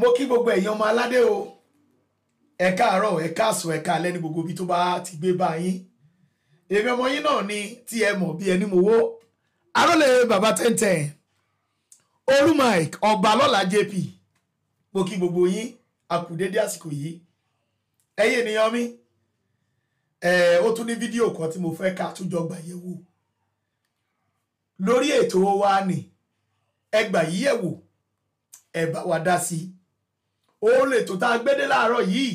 mo kí gbogbo ẹ̀yin ọmọ aládé o ẹ káàárọ̀ ẹ káàsùn ẹ káalẹ́ ní gbogbo ibi tó bá ti gbé bá yín èmi ọmọ yín náà ni tí ẹ mọ̀ bí ẹni mowó arólè bàbá tẹ́ntẹ́n olú mike ọba lọ́la jp mo kí gbogbo yín a kú dédé àsìkò yìí ẹ̀yin ènìyàn mi ẹ ó tún ní fídíò kan tí mo fẹ́ ká tún jọ gbà yẹ̀wò lórí ètò wa ni ẹ gbà yí yẹ̀wò ẹ bá wa dá sí i ó lè tó tá a gbédé láàárọ̀ yìí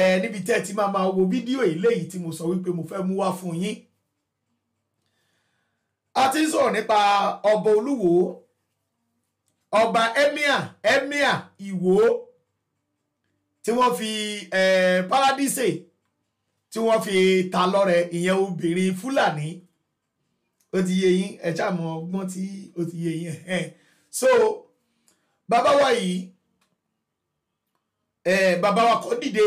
ẹ níbi tẹ́ ẹ ti máa máa wo fídíò eléyìí tí mo sọ wípé mo fẹ́ mú wá fún yín a ti ń sọ̀rọ̀ nípa ọba olúwo ọba emir emir ìwó tí wọ́n fi paradise tí wọ́n fi ta lọ́rẹ ìyẹn obìnrin fúlàní ó ti yé yín ẹ̀ ṣàmọ̀ ọgbọ́n tí ó ti yé yín so bàbá wa yìí eh, bàbá wa kọ́ dìde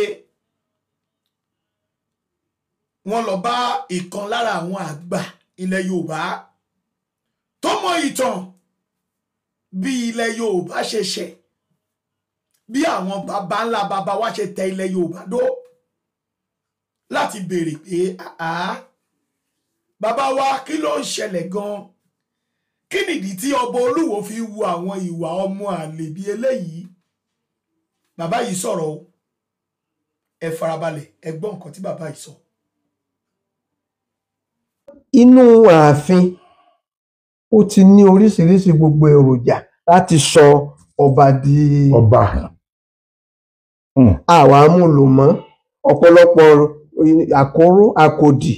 wọ́n lọ bá ìkan lára àwọn àgbà ilẹ̀ Yorùbá tó mọ ìtàn bí ilẹ̀ Yorùbá ṣe ṣẹ̀ bí àwọn bàbá ńlá bàbá wa ṣe tẹ ilẹ̀ Yorùbá dó láti béèrè pé àá bàbá wa kí ló ń ṣẹlẹ̀ gan-an kí nìdí tí ọba olúwo fi wu àwọn ìwà ọmọ àlè bí eléyìí bàbá yìí sọ̀rọ̀ o ẹ farabalẹ̀ ẹ gbọ́ nǹkan tí bàbá yìí sọ. inú ààfin ó ti ní oríṣiríṣi gbogbo èròjà láti sọ ọba di ọba hmm. àwa amúlò mọ́ ọ̀pọ̀lọpọ̀ àkóró àkòdì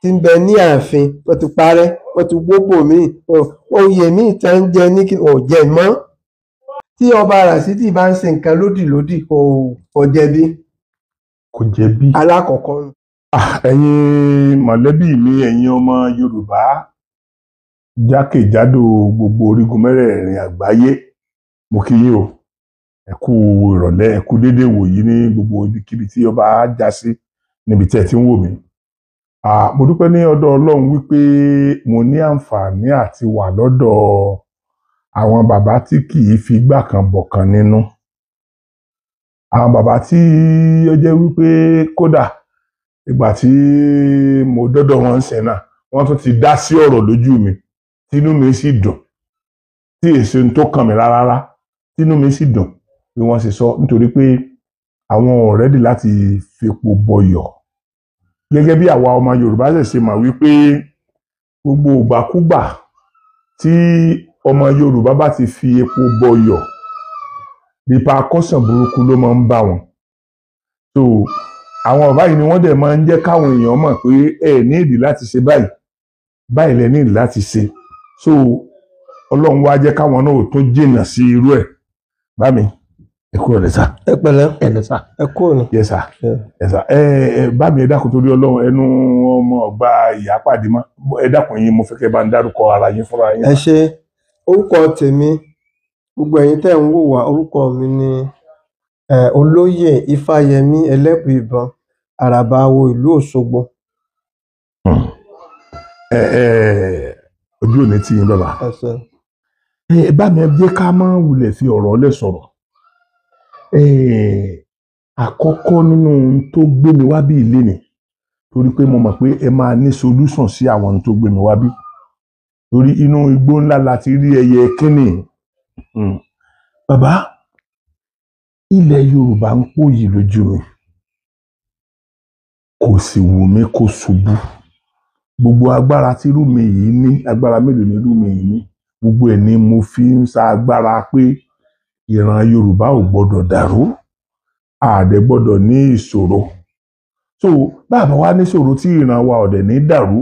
tí ń bẹ ní ààfin wọ́n ti parẹ́ wọ́n ti gbogbo míì oyè míì tá ń jẹ ní kí ọ̀jẹ̀ mọ́ tí ọba Rasidi bá ń ṣe nǹkan lódì lódì kò kò jẹ̀bi. kò jẹ̀bi. alákọ̀ọ́kọ́. ẹ̀yin mọ̀lẹ́bí mi ẹ̀yin ọmọ Yorùbá jákèjádò gbogbo orígun mẹ́rẹ̀ẹ̀rin àgbáyé mo kí yín o ẹ kú ìrọ̀lẹ́ ẹ kú déédéé wòyí ní gbogbo ibikíbi tí ọba á já sí níbi tí ẹ ti ń wò mí. mo dúpẹ́ ní ọ̀dọ̀ Ọlọ́run wípé mo ní àǹfààní àti wà lọ́dọ̀ ọ́ àwọn bàbá tí kì í fi igbá kan bọ̀kan nínú àwọn bàbá tí ó jẹ́ wípé kódà ìgbà tí mo dọ́dọ̀ wọn ń sìn náà wọ́n tún ti dá sí ọ̀rọ̀ lójú mi tínú mi sì dùn tí èso tó kàn mí rárá tínú mi sì dùn bí wọ́n ṣe sọ nítorí pé àwọn ọ̀rẹ́dì láti fepo bọyọ̀ gẹ́gẹ́ bí àwa ọmọ Yorùbá ṣẹ̀ṣẹ̀ mà wípé gbogbo ìgbàkúgbà tí ọmọ Yorùbá bá ti fi epo bọyọ̀ nípa akọ́sàn burúkú ló máa ń bá wọn so àwọn ọ̀bá yìí ni wọ́n dẹ̀ máa ń jẹ́ káwọn èèyàn mọ̀ pé ẹ ní ìdí láti ṣe báyìí báyìí lẹ ní ìdí láti ṣe so Ọlọ́run wá jẹ́ káwọn náà ò tún jìnnà sí irú ẹ̀ bá mi ẹ kúrò ní sá. ẹ pẹ̀lẹ́ ẹ kúrò ní. yẹsà yẹsà ẹ ẹ bá mi ẹ dákun torí Ọlọ́run ẹnu ọmọ ọgbà ìyá pàdé mọ ẹ dákun yín mo fẹ́ kẹ́ bá ń dárúkọ ara yín fúnra yín. ẹ ṣe orúkọ tèmi gbogbo ẹyin tẹ ń wò wá orúkọ mi ni um olóyè ifáyẹmí ẹlẹbùíbọn àràbà àwo ìlú ọṣọgbó hmm. ojú ò ní tì yín bàbá ẹ bá mi jẹ́ ká máa wulẹ̀ fi ọ̀rọ̀ lẹ̀ sọ̀rọ̀ àkọ́kọ́ nínú ohun tó gbé mi wá bí ilé torí pé mo mọ̀ pé ẹ máa ní solúsàn sí àwọn ohun tó gbé mi wá bí. torí inú igbó ńlá la ti rí ẹyẹ kínní hmm. bàbá ilẹ̀ yorùbá ń pòyì lójú mi kò sì wù mí kó ṣubú gbogbo agbára tí irú mi yìí ní agbára mélòó ni irú mi yìí ní gbogbo ẹ̀ ni mo fi ń sa agbára pé ìran yorùbá ò gbọ́dọ̀ dàrú àdẹ gbọ́dọ̀ ní ìṣòro so báàbá wa níṣòro tí ìran wa ọ̀dẹ̀ ní dàrú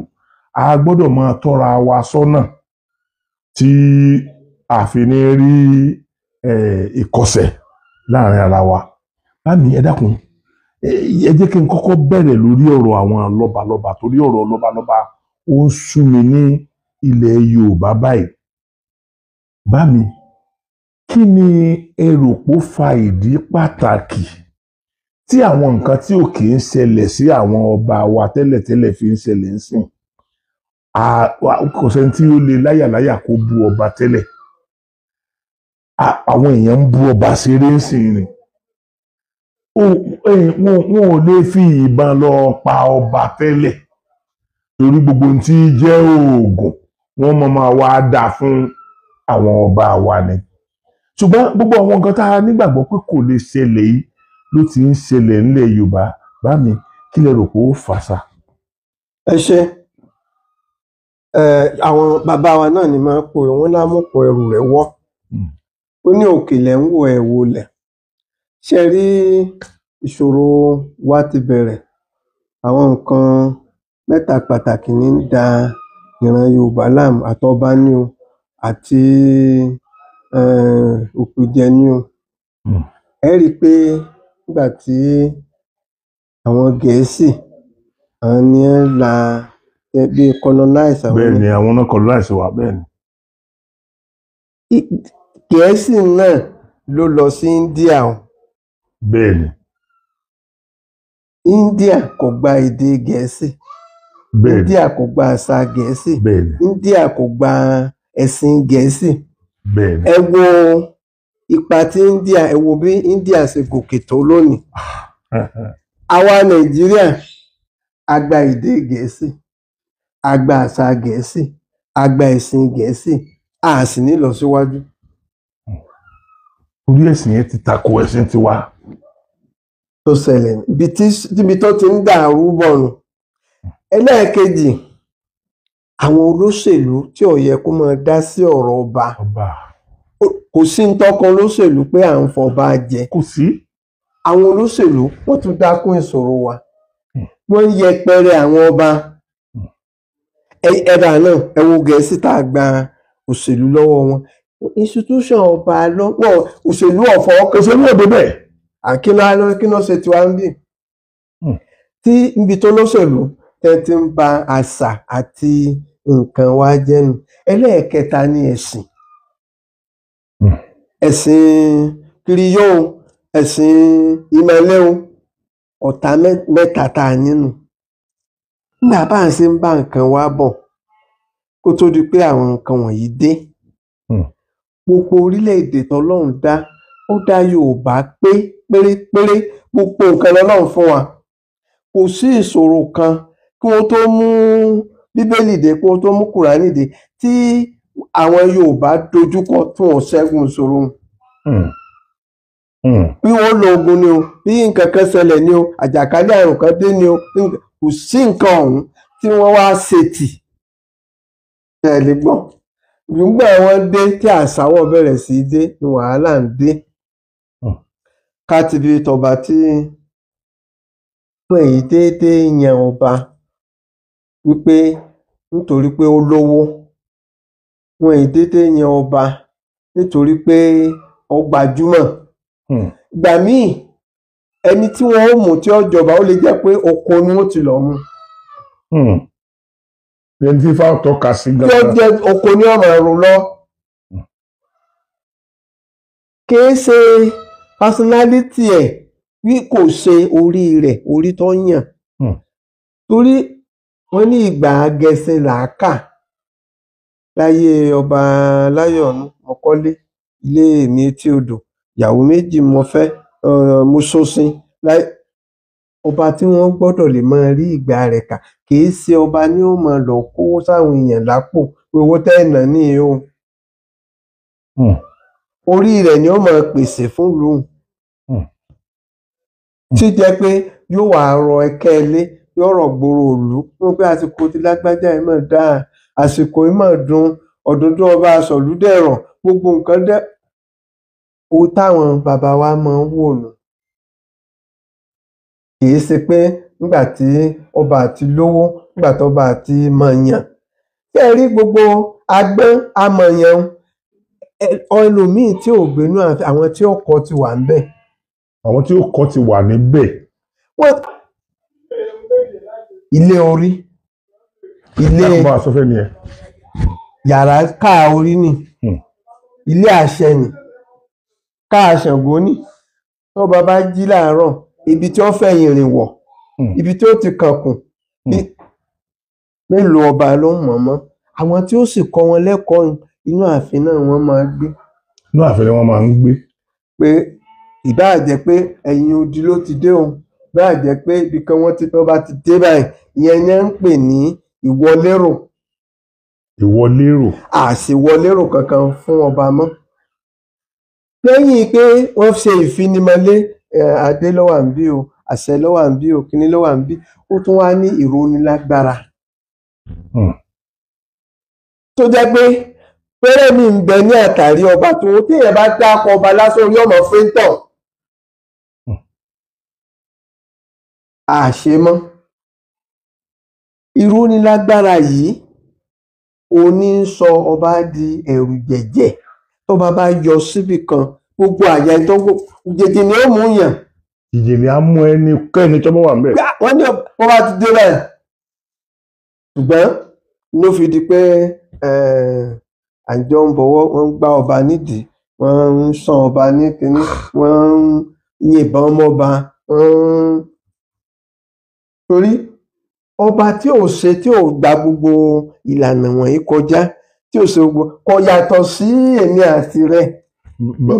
a gbọ́dọ̀ máa tọ́ra wa sọ́nà tí a fi ní rí ìkọsẹ̀ láàrin ara wa báàmì ẹ dákun ẹ jẹ́ kí n kọ́kọ́ bẹ̀rẹ̀ lórí ọ̀rọ̀ àwọn lọ́balọ́ba torí ọ̀rọ̀ lọ́balọ́ba ó ń sún mi ní ilẹ̀ Yorùbá báyìí báàmì kí ni ẹ rò pó fa ìdí pàtàkì tí àwọn nǹkan tí ò kì í ṣẹlẹ̀ sí àwọn ọba wa tẹ́lẹ̀tẹ́lẹ̀ fi ń ṣẹlẹ̀ ń sìn kò sẹ́ni tí ó lè láyàláyà kó bu ọba tẹ́lẹ̀ àwọn èèyàn ń bu ọba ṣeré ń sìn ni wọn ò lè fi ìbọn lọ pa ọba tẹ́lẹ̀ torí gbogbo tí jẹ́ oògùn wọ́n mọ̀ máa wá dáa fún àwọn ọba wa ni ṣùgbọ́n gbogbo àwọn nǹkan tá a nígbàgbọ́ pé kò lè ṣẹlẹ̀ yìí ló ti ń ṣẹlẹ̀ ńlẹ̀ Yorùbá bá mi kí lè rò pé ó fàṣà. ẹ ṣe àwọn bàbá wa náà ni máa ń po wọn lámùpọ ẹrù rẹ wọ hmm. ó ní òkèlè ń wo ẹwò lẹ ṣe rí ìṣòro wa ti bẹ̀rẹ̀ àwọn nǹkan mẹ́ta pàtàkì ní da ìran yorùbá láàmú àtọba ni o àti um òpìjẹ ni o hmm. ẹ rí i pé nígbà tí àwọn gẹ̀ẹ́sì àwọn ni la bí colonize àwọn náà colonize gẹ̀ẹ́sì náà ló lọ sí India o. bẹ́ẹ̀ni. India kò gba èdè gẹ̀ẹ́sì. India kò gba àṣà gẹ̀ẹ́sì. India kò gba ẹ̀sìn gẹ̀ẹ́sì. bẹ́ẹ̀ni ipa ti India ẹ wo bí India ṣe gòkè tó lónìí. àwa Nàìjíríà èdè gẹ̀ẹ́sì. a gba àṣà gẹ̀ẹ́sì a gba ẹ̀sìn gẹ̀ẹ́sì a sì ní ìlọsíwájú. torí ẹ̀sìn yẹn ti tako ẹ̀sìn tiwa. tó ṣẹlẹ̀ níbi tó ti ń dàrú bọ̀nù ẹlẹ́ẹ̀kejì àwọn olóṣèlú tí ò yẹ kó máa dá sí ọ̀rọ̀ ọba kò sí ń tọ́kan olóṣèlú pé à ń fọba jẹ kò sí àwọn olóṣèlú wọ́n tún dákún ìṣòro wa hmm. wọ́n yẹpẹrẹ àwọn ọba ẹ̀dà náà ẹ wo gẹ̀ẹ́sì tá a gba òṣèlú lọ́wọ́ wọn institution ọba lọ́wọ́ òṣèlú ọ̀fọ́ òṣèlú òde bẹ́ẹ̀ àkínlá kíná ṣe tiwa ń bì hmm. tí ibi tó lọ́sẹ̀lú tẹ́ ti ń ba àṣà àti nǹkan wa jẹ́nu ẹlẹ́ẹ̀kẹta ni ẹ̀sìn hmm. ẹ̀sìn kiriyó ẹ̀sìn ìmọ̀lẹ́wò ọ̀tá mẹ́ta tá a nínú nígbà bá ń ṣe ń bá nǹkan wá bọ̀ kó tó di pé àwọn nǹkan wọ̀nyí dé hmm. gbogbo orílẹ̀-èdè tọ́lọ́run dá ó dá Yorùbá pé pérépéré gbogbo nǹkan lọ́lọ́run fún wa kò sí ìṣòro kan kí wọ́n tó mú Bíbélì dé kí wọ́n tó mú Kùránì dé tí àwọn Yorùbá dojúkọ tí wọ́n ṣẹ́gun ìṣòro. Hmm. Hmm. bí wọ́n lo oògùn ni o bí nǹkan kan ṣẹlẹ̀ ni o àjàkálẹ̀ àrùn kan dé ni o kò sí nǹkan ọ̀hún tí wọ́n wá ṣètì ẹ̀ nígbà wọ́n dé tí àṣàwọ̀ bẹ̀rẹ̀ sí í dé ni wàhálà ń dé ti hmm. tọba tí fún èyí déédéé ọba wípé nítorí pé ó lówó wọn èyí déédéé ọba nítorí pé ó Hmm. ìgbà míì ẹni tí wọn ó mú tí ó jọba ó lè jẹ pé oko ni wọn ti lọ mú. Hmm. ẹni tí fáwọn tọ́ka sí gan-an. tí ó jẹ oko ní ọ̀rọ̀ ẹ̀rù lọ. Hmm. kìí ṣe personality ẹ̀ bí kò ṣe orí rẹ̀ orí tó yàn. torí wọn ní ìgbà agẹṣin làákà láyé ọba láyọ̀nù ọkọ́lé ilé mi etí odò ìyàwó méjì mo fẹ́ um mo ṣinṣin láé ọba tí wọ́n gbọ́dọ̀ lè máa rí ìgbà rẹ̀ kà kì í ṣe ọba ní ó máa lọ kówó sáwọn èèyàn lápò pé owó tẹ́ ẹ̀ o hmm. orí rẹ̀ ni ó máa pèsè fún lòun hmm. tí jẹ́ pé yóò wá rọ ẹkẹ́ ilé yóò rọ̀ gbòòrò òlu wọn pé àsìkò ti lágbájá yìí máa dáa àsìkò yìí máa dùn ọ̀dùndún ọba àṣọ̀lú dẹ̀rọ̀ gbogbo nǹkan dẹ̀ ohun táwọn bàbá wa máa ń wò nù kì í ṣe pé nígbà tí ọba àti lówó nígbà tí ọba àti mọ̀ọ̀yàn ṣé ẹ rí gbogbo agbọ́n amọ̀ọ̀yàn ẹlòmíì tí ò gbénú àwọn tí ó ti wà níbẹ̀. àwọn tí ó ti wà níbẹ̀. wọ́n ilé orí ilé yàrá káà orí ni hmm. ilé àṣẹ ni. Hmm káà ṣàngó ní tó bàbá jí láàárọ̀ ibi tí ó fẹ̀yìn rìn wọ̀ hmm. ibi tí ó ti kànkùn hmm. mélòó ọba ló ń mọ̀ mọ́ àwọn tí ó sì kọ́ wọn lẹ́kọ̀ọ́ inú ààfin náà wọ́n máa gbé. inú ààfin ni wọ́n máa ń gbé. pé ìbáà jẹ́ pé ẹ̀yìn odi ló ti dé òun ìbáà jẹ́ pé ibi kan wọ́n ti tọ́ bá ti dé báyìí ìyẹn ni wọ́n ń pè ní ìwọlérò. ìwọlérò. àṣìwọlérò kankan fún ọba mọ́ lẹ́yìn pé wọ́n ṣe ìfinimọlé adé ló wà ńbí o àṣẹ ló wà ńbí o kinní ló wà ńbí ó tún wá ní ìrónilágbára hmm. tó jẹ́ pé pẹ́rẹ́ mi ń bẹ ní àtàrí ọba tó téèyàn bá dákọ ọba lásán orí ọ̀nà fíntàn hmm. àṣemọ́ ìrónilágbára yìí òní ń sọ ọba di ẹ̀rù jẹ̀jẹ̀ tó bá bá yọ síbì kan gbogbo àyà ẹ̀ tó ń kó jèjì ni ó mú yàn. jèjì ni a mú ẹni kẹ́ni tó bá wà ń bẹ̀. wọ́n ní wọ́n bá ti dé bẹ́ẹ̀ ṣùgbọ́n ló fi di pé àjọ ń bọ̀wọ́ wọ́n ń gbá ọba nídìí wọ́n ń san ọba ní kínní wọ́n ń yìnbọn mọ́ba torí ọba tí ò ṣe tí ò gba gbogbo ìlànà wọ̀nyí kọjá tí ò ṣe gbogbo kò yàtọ̀ sí èmi àti rẹ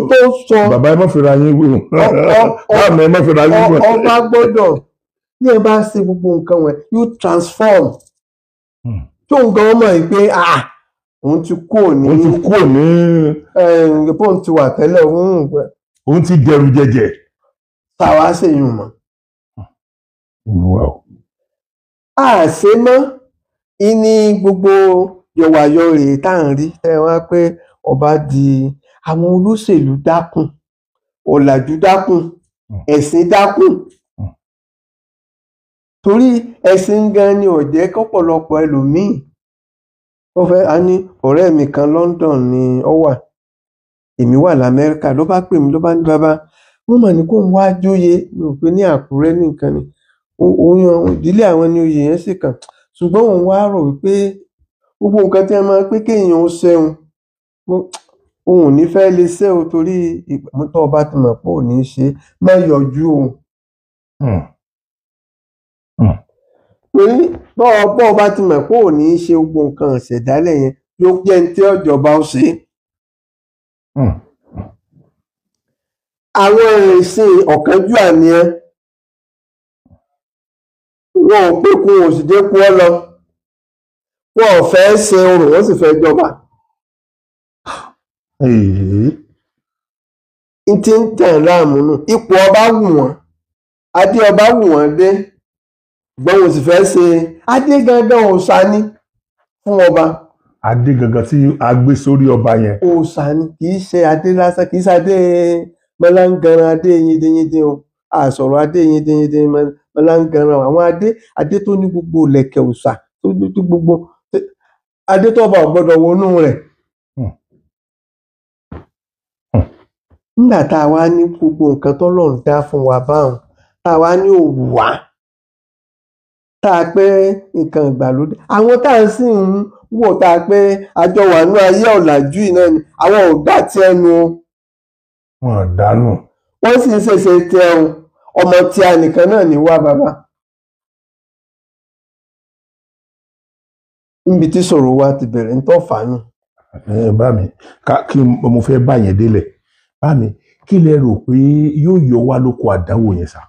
tó sọ bàbá ẹ má fira yín wò bàbá ẹ má fira yín wò ọba gbọ́dọ̀ bí ẹ bá ṣe gbogbo nǹkan wọn you transform hmm. tó nǹkan ọmọ yìí pé ah òun ti kúrò ní òun ti kúrò ní òun ti wà tẹ́lẹ̀ òun ti dẹrù jẹjẹ tàwa ṣèyún mọ́ a ṣe mọ́ ìní gbogbo yọ̀wàyọ̀ rèé tá à ń rí ẹ wá pé ọba di àwọn olóṣèlú dákun ọ̀làjú dákun hmm. ẹ̀sìn dákun hmm. torí ẹ̀sìn gan ni ọ̀jẹ́ kọ́pọ̀lọpọ̀ ẹlòmíì wọ́n fẹ́ a ní ọ̀rẹ́ mi kan London ni ó wà èmi wà l'Amẹ́ríkà ló bá pè mí ló bá ní bàbá wọ́n mà ní kó ń wá jóye mi ò pé ní Àkúrẹ́ nìkan ni òun ìdílé àwọn ni oyè yẹn sì kàn ṣùgbọ́n òun wá rò wípé gbogbo nǹkan tí wọ́n máa ń pé kéèyàn ó ṣẹ́hun òun ò ní fẹ́ le ṣe o torí tó o bá ti mọ̀ pé ò ní ṣe má yọjú o. Hmm. Hmm. torí tó o bá ti mọ̀ pé ò ní ṣe gbogbo nǹkan ìṣẹ̀dálẹ̀ yẹn yóò jẹ́ ní tí ọ̀jọ̀ba ó ṣe. Hmm. àwọn ìrìnsìn ọ̀kánjú àníyàn wọn ò pé kún òsì dé kú ọ lọ. wọn ò fẹ́ ṣe orò wọ́n sì fẹ́ jọba. n ti ń tẹ̀ láàmú nù ipò ọba wù wọ́n adé ọba wù wọ́n dé gbọ́n wọn sì fẹ́ ṣe adé gangan òòṣà ni fún ọba. adé gangan tí a gbé sórí ọba yẹn. òòṣà ni kì í ṣe adé lásán kì í ṣe adé mọ́láńgaran adé yindeyinde o àsọ̀rọ̀ adé yindeyinde mọ́láńgaran àwọn adé adé tó ní gbogbo lẹ̀kẹ̀ òòṣà tó ní gbogbo adétọ́ba ò gbọ́dọ̀ wọnú rẹ̀ nígbà tá a wá ní gbogbo nǹkan tọ́lọ́run dá fún wa báwọn tá a wá ní òwú wá tá a pé nǹkan ìgbàlódé àwọn tá a sì ń wò tá a pé àjọ wà ní ayé ọ̀làjú iná ni àwọn ò gbà ẹnu o. wọn dànù. wọn sì ń ṣèṣe tẹ ọmọ tí a nìkan náà ní wá bàbá. níbi tí sọ̀rọ̀ wa ti bẹ̀rẹ̀ ń tọ́fà nù. bá mi kí mo fẹ́ bá yẹn délẹ̀ bá mi kí lẹ rò pé yóò yọ wá lóko àdánwò yẹn sá.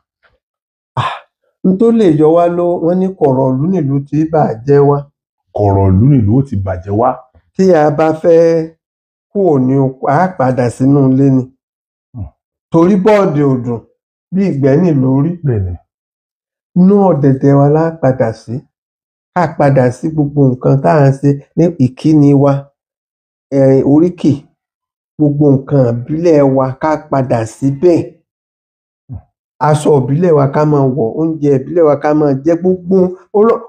n tó lè yọ wá ló wọn ní kọ̀rọ̀ ìlú nílùú ti bàjẹ́ wá. kọ̀rọ̀ ìlú nílùú ti bàjẹ́ wá. tí a bá fẹ́ kúrò ní a padà sínú ilé ni hmm. torí bọ́ọ̀dì òdùn bí ìgbẹ́ nìlórí inú ọ̀dẹ̀dẹ̀ wa la padà sí. Si ká padà sí gbogbo nǹkan tá à ń ṣe ní ìkíni wa um oríkì gbogbo nǹkan ìbílẹ̀ wa ká padà síbẹ̀ aṣọ ìbílẹ̀ wa ká máa wọ̀ oúnjẹ ìbílẹ̀ wa ká máa jẹ gbogbo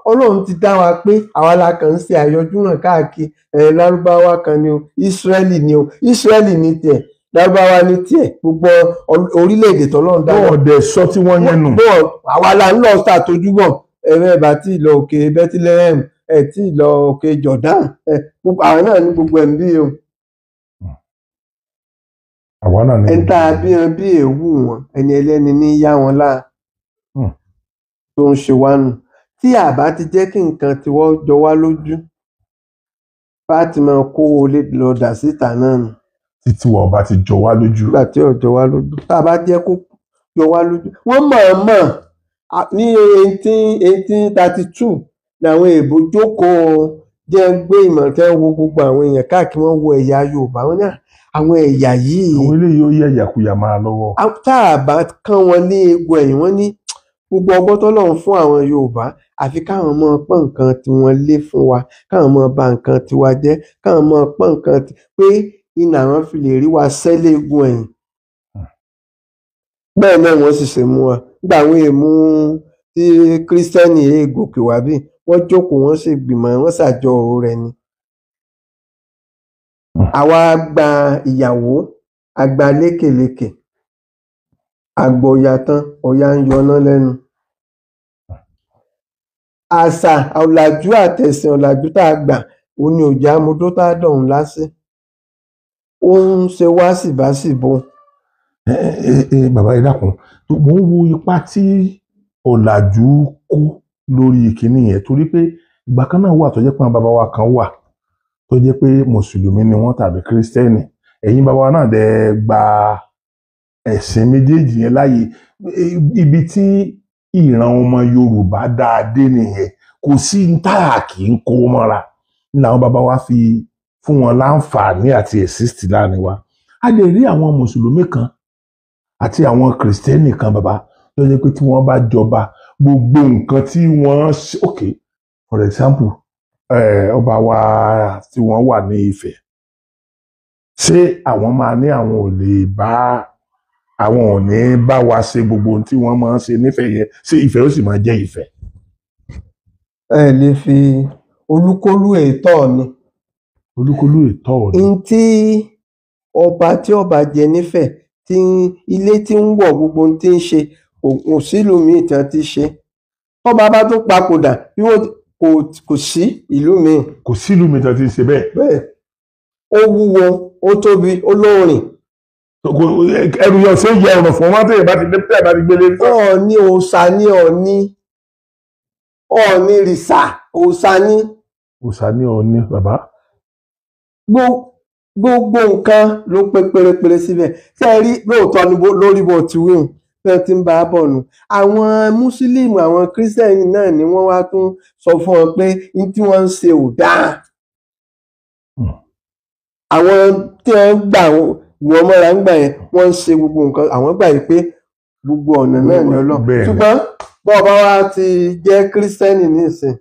ọlọ́run ti dá wa pé àwa la kàn ń ṣe àyọjúràn káàkiri um lárúbáwá kan ni o ísírẹ́lì ni o ísírẹ́lì ní tiẹ̀ lárúbáwá ní tiẹ̀ gbogbo orílẹ̀-èdè tọ́lọ́run dá wa. bọ́ọ̀dẹ̀ sọ tí wọ́n yẹn nù. bọ́ọ̀ àwa la ń lọ ṣàtọ́jú ẹ bá tí ì òkè Bethlehem ẹ tí ì òkè Jordan ẹ àwọn náà ní gbogbo ẹ̀ ń bí o. àwa náà ní. ẹ ń tá a bí wọn bí èèwù wọn ẹni ẹlẹ́ni ní yá wọn láà hmm. tó ń ṣe wá nù tí àbá ti jẹ́ kí nǹkan tiwọ́ jọ wá lójú bá kó o lè lọ dà síta náà nù. títí wọn ọba ti jọ wá lójú. nígbà tí ọjọ́ wá lójú tá a bá jẹ́ kó jọ wá lójú wọ́n mọ̀ ọ́n mọ̀ ní eighteen eighteen thirty two làwọn èèbó jókòó jẹ́ ń gbé ìmọ̀ kẹ́ ń wo gbogbo àwọn èèyàn káàkiri wọ́n wo ẹ̀yà Yorùbá wọn náà ah, àwọn ẹ̀yà yìí. àwọn eléyìí ó yẹ ẹ̀yàkuyà máa lọ́wọ́. tá a bá kán wọn ní egun ẹ̀yìn wọn ní gbogbo ọgbọ́n tọ́lọ́run fún àwọn Yorùbá àfi káwọn mọ pọ́n nǹkan tiwọn lé fún wa káwọn mọ bà nǹkan tiwa jẹ́ káwọn mọ pọ́n nǹkan pé iná àwọn fi lè rí wa sẹ́lẹ̀ egun ẹ̀yìn bẹ́ẹ̀ náà wọ́n sì ṣe mú wa nígbà àwọn èèmú tí kírísítẹ́nì èègòkè wá bí wọ́n jókòó wọ́n sì gbìmọ̀ wọ́n ṣàjọrò rẹ̀ ni. àwa gba ìyàwó àgbà lékèlékè àgbọ̀ ọ̀yà tán ọ̀yà ń yọná lẹ́nu. àṣà ọ̀làjú àtẹ̀sìn ọ̀làjú tá a gbà òun ni òjò amodó tá a dọ̀hún lásì ó ń ṣe wá síbáṣìbò. Si bàbá yìí dàkún mò ń wo ipa tí ọ̀làjú kó lórí kínní yẹn torí pé ìgbà kan náà wà tó jẹ́ pé bàbá wa kan wà tó jẹ́ pé mùsùlùmí ni wọ́n tàbí kírísítẹ́nì ẹ̀yin bàbá náà dẹ̀ gba ẹ̀sìn méjèèjì yẹn láàyè ibi tí ìran ọmọ Yorùbá dáadé nìyẹn kò sí ntáà kì í kó mọ́ra làwọn bàbá wa fi fún wọn láǹfààní àti ẹ̀sìtì láàrin wa a lè rí àwọn mùsùlùmí kan àti àwọn kìrìsìtẹ́nì kan bàbá tó jẹ́ pé tí wọ́n bá jọba gbogbo nǹkan tí wọ́n ṣe ok for example eh, ọba wa tí wọ́n wà ní Ifẹ̀ ṣé àwọn máa ní àwọn ò lè bá àwọn ò ní bá wa ṣe gbogbo ohun tí wọ́n máa ń ṣe nífẹ̀ẹ́ yẹn ṣé Ifẹ̀ ó sì máa jẹ́ Ifẹ̀. ẹ lè fi olúkúlù ètò ni. olúkúlù ètò ni. n tí ọba tí ọba jẹ nífẹ̀ẹ́ tí ń ilé tí ń wọ̀ gbogbo ohun tí ń ṣe kò sílùú míì tí wọ́n ti ṣe tọ́ba bá tún papòdà bí wọ́n kò sí ìlú míì. kò sílùú míì tí wọ́n ti ṣe bẹ́ẹ̀. bẹ́ẹ̀ ó wúwo ó tóbi ó lóòrìn ẹrù yọ sí yẹ ọ̀nà fún wọn tó yẹ bá ti dẹ́pẹ́ bá ti gbélé. ọ̀ọ́ni òòṣà ni ọ̀ọ́ni ọ̀ọ́ni rìṣà òòṣà ni. òòṣà ni ọ̀ọ́ni bàbá. gbogbo gbogbo nǹkan ló pé pérépéré síbẹ̀ ṣé ẹ rí lóòótọ́ ni lórí bó ti wí hùn bẹ́ẹ̀ ti ń bá a bọ̀ nù àwọn mùsùlùmí àwọn kírísítẹ́nì náà ni wọ́n wá tún sọ fún wọn pé ní tí wọ́n ń ṣe ò dáa àwọn tí wọ́n gbà wọ́n mọ́ra ń gbà yẹn wọ́n ń ṣe gbogbo nǹkan àwọn gbà yìí pé gbogbo ọ̀nà náà ni ọlọ́ ṣùgbọ́n bọ́ọ̀ bá wá ti jẹ́ kírísítẹ́nì nísìn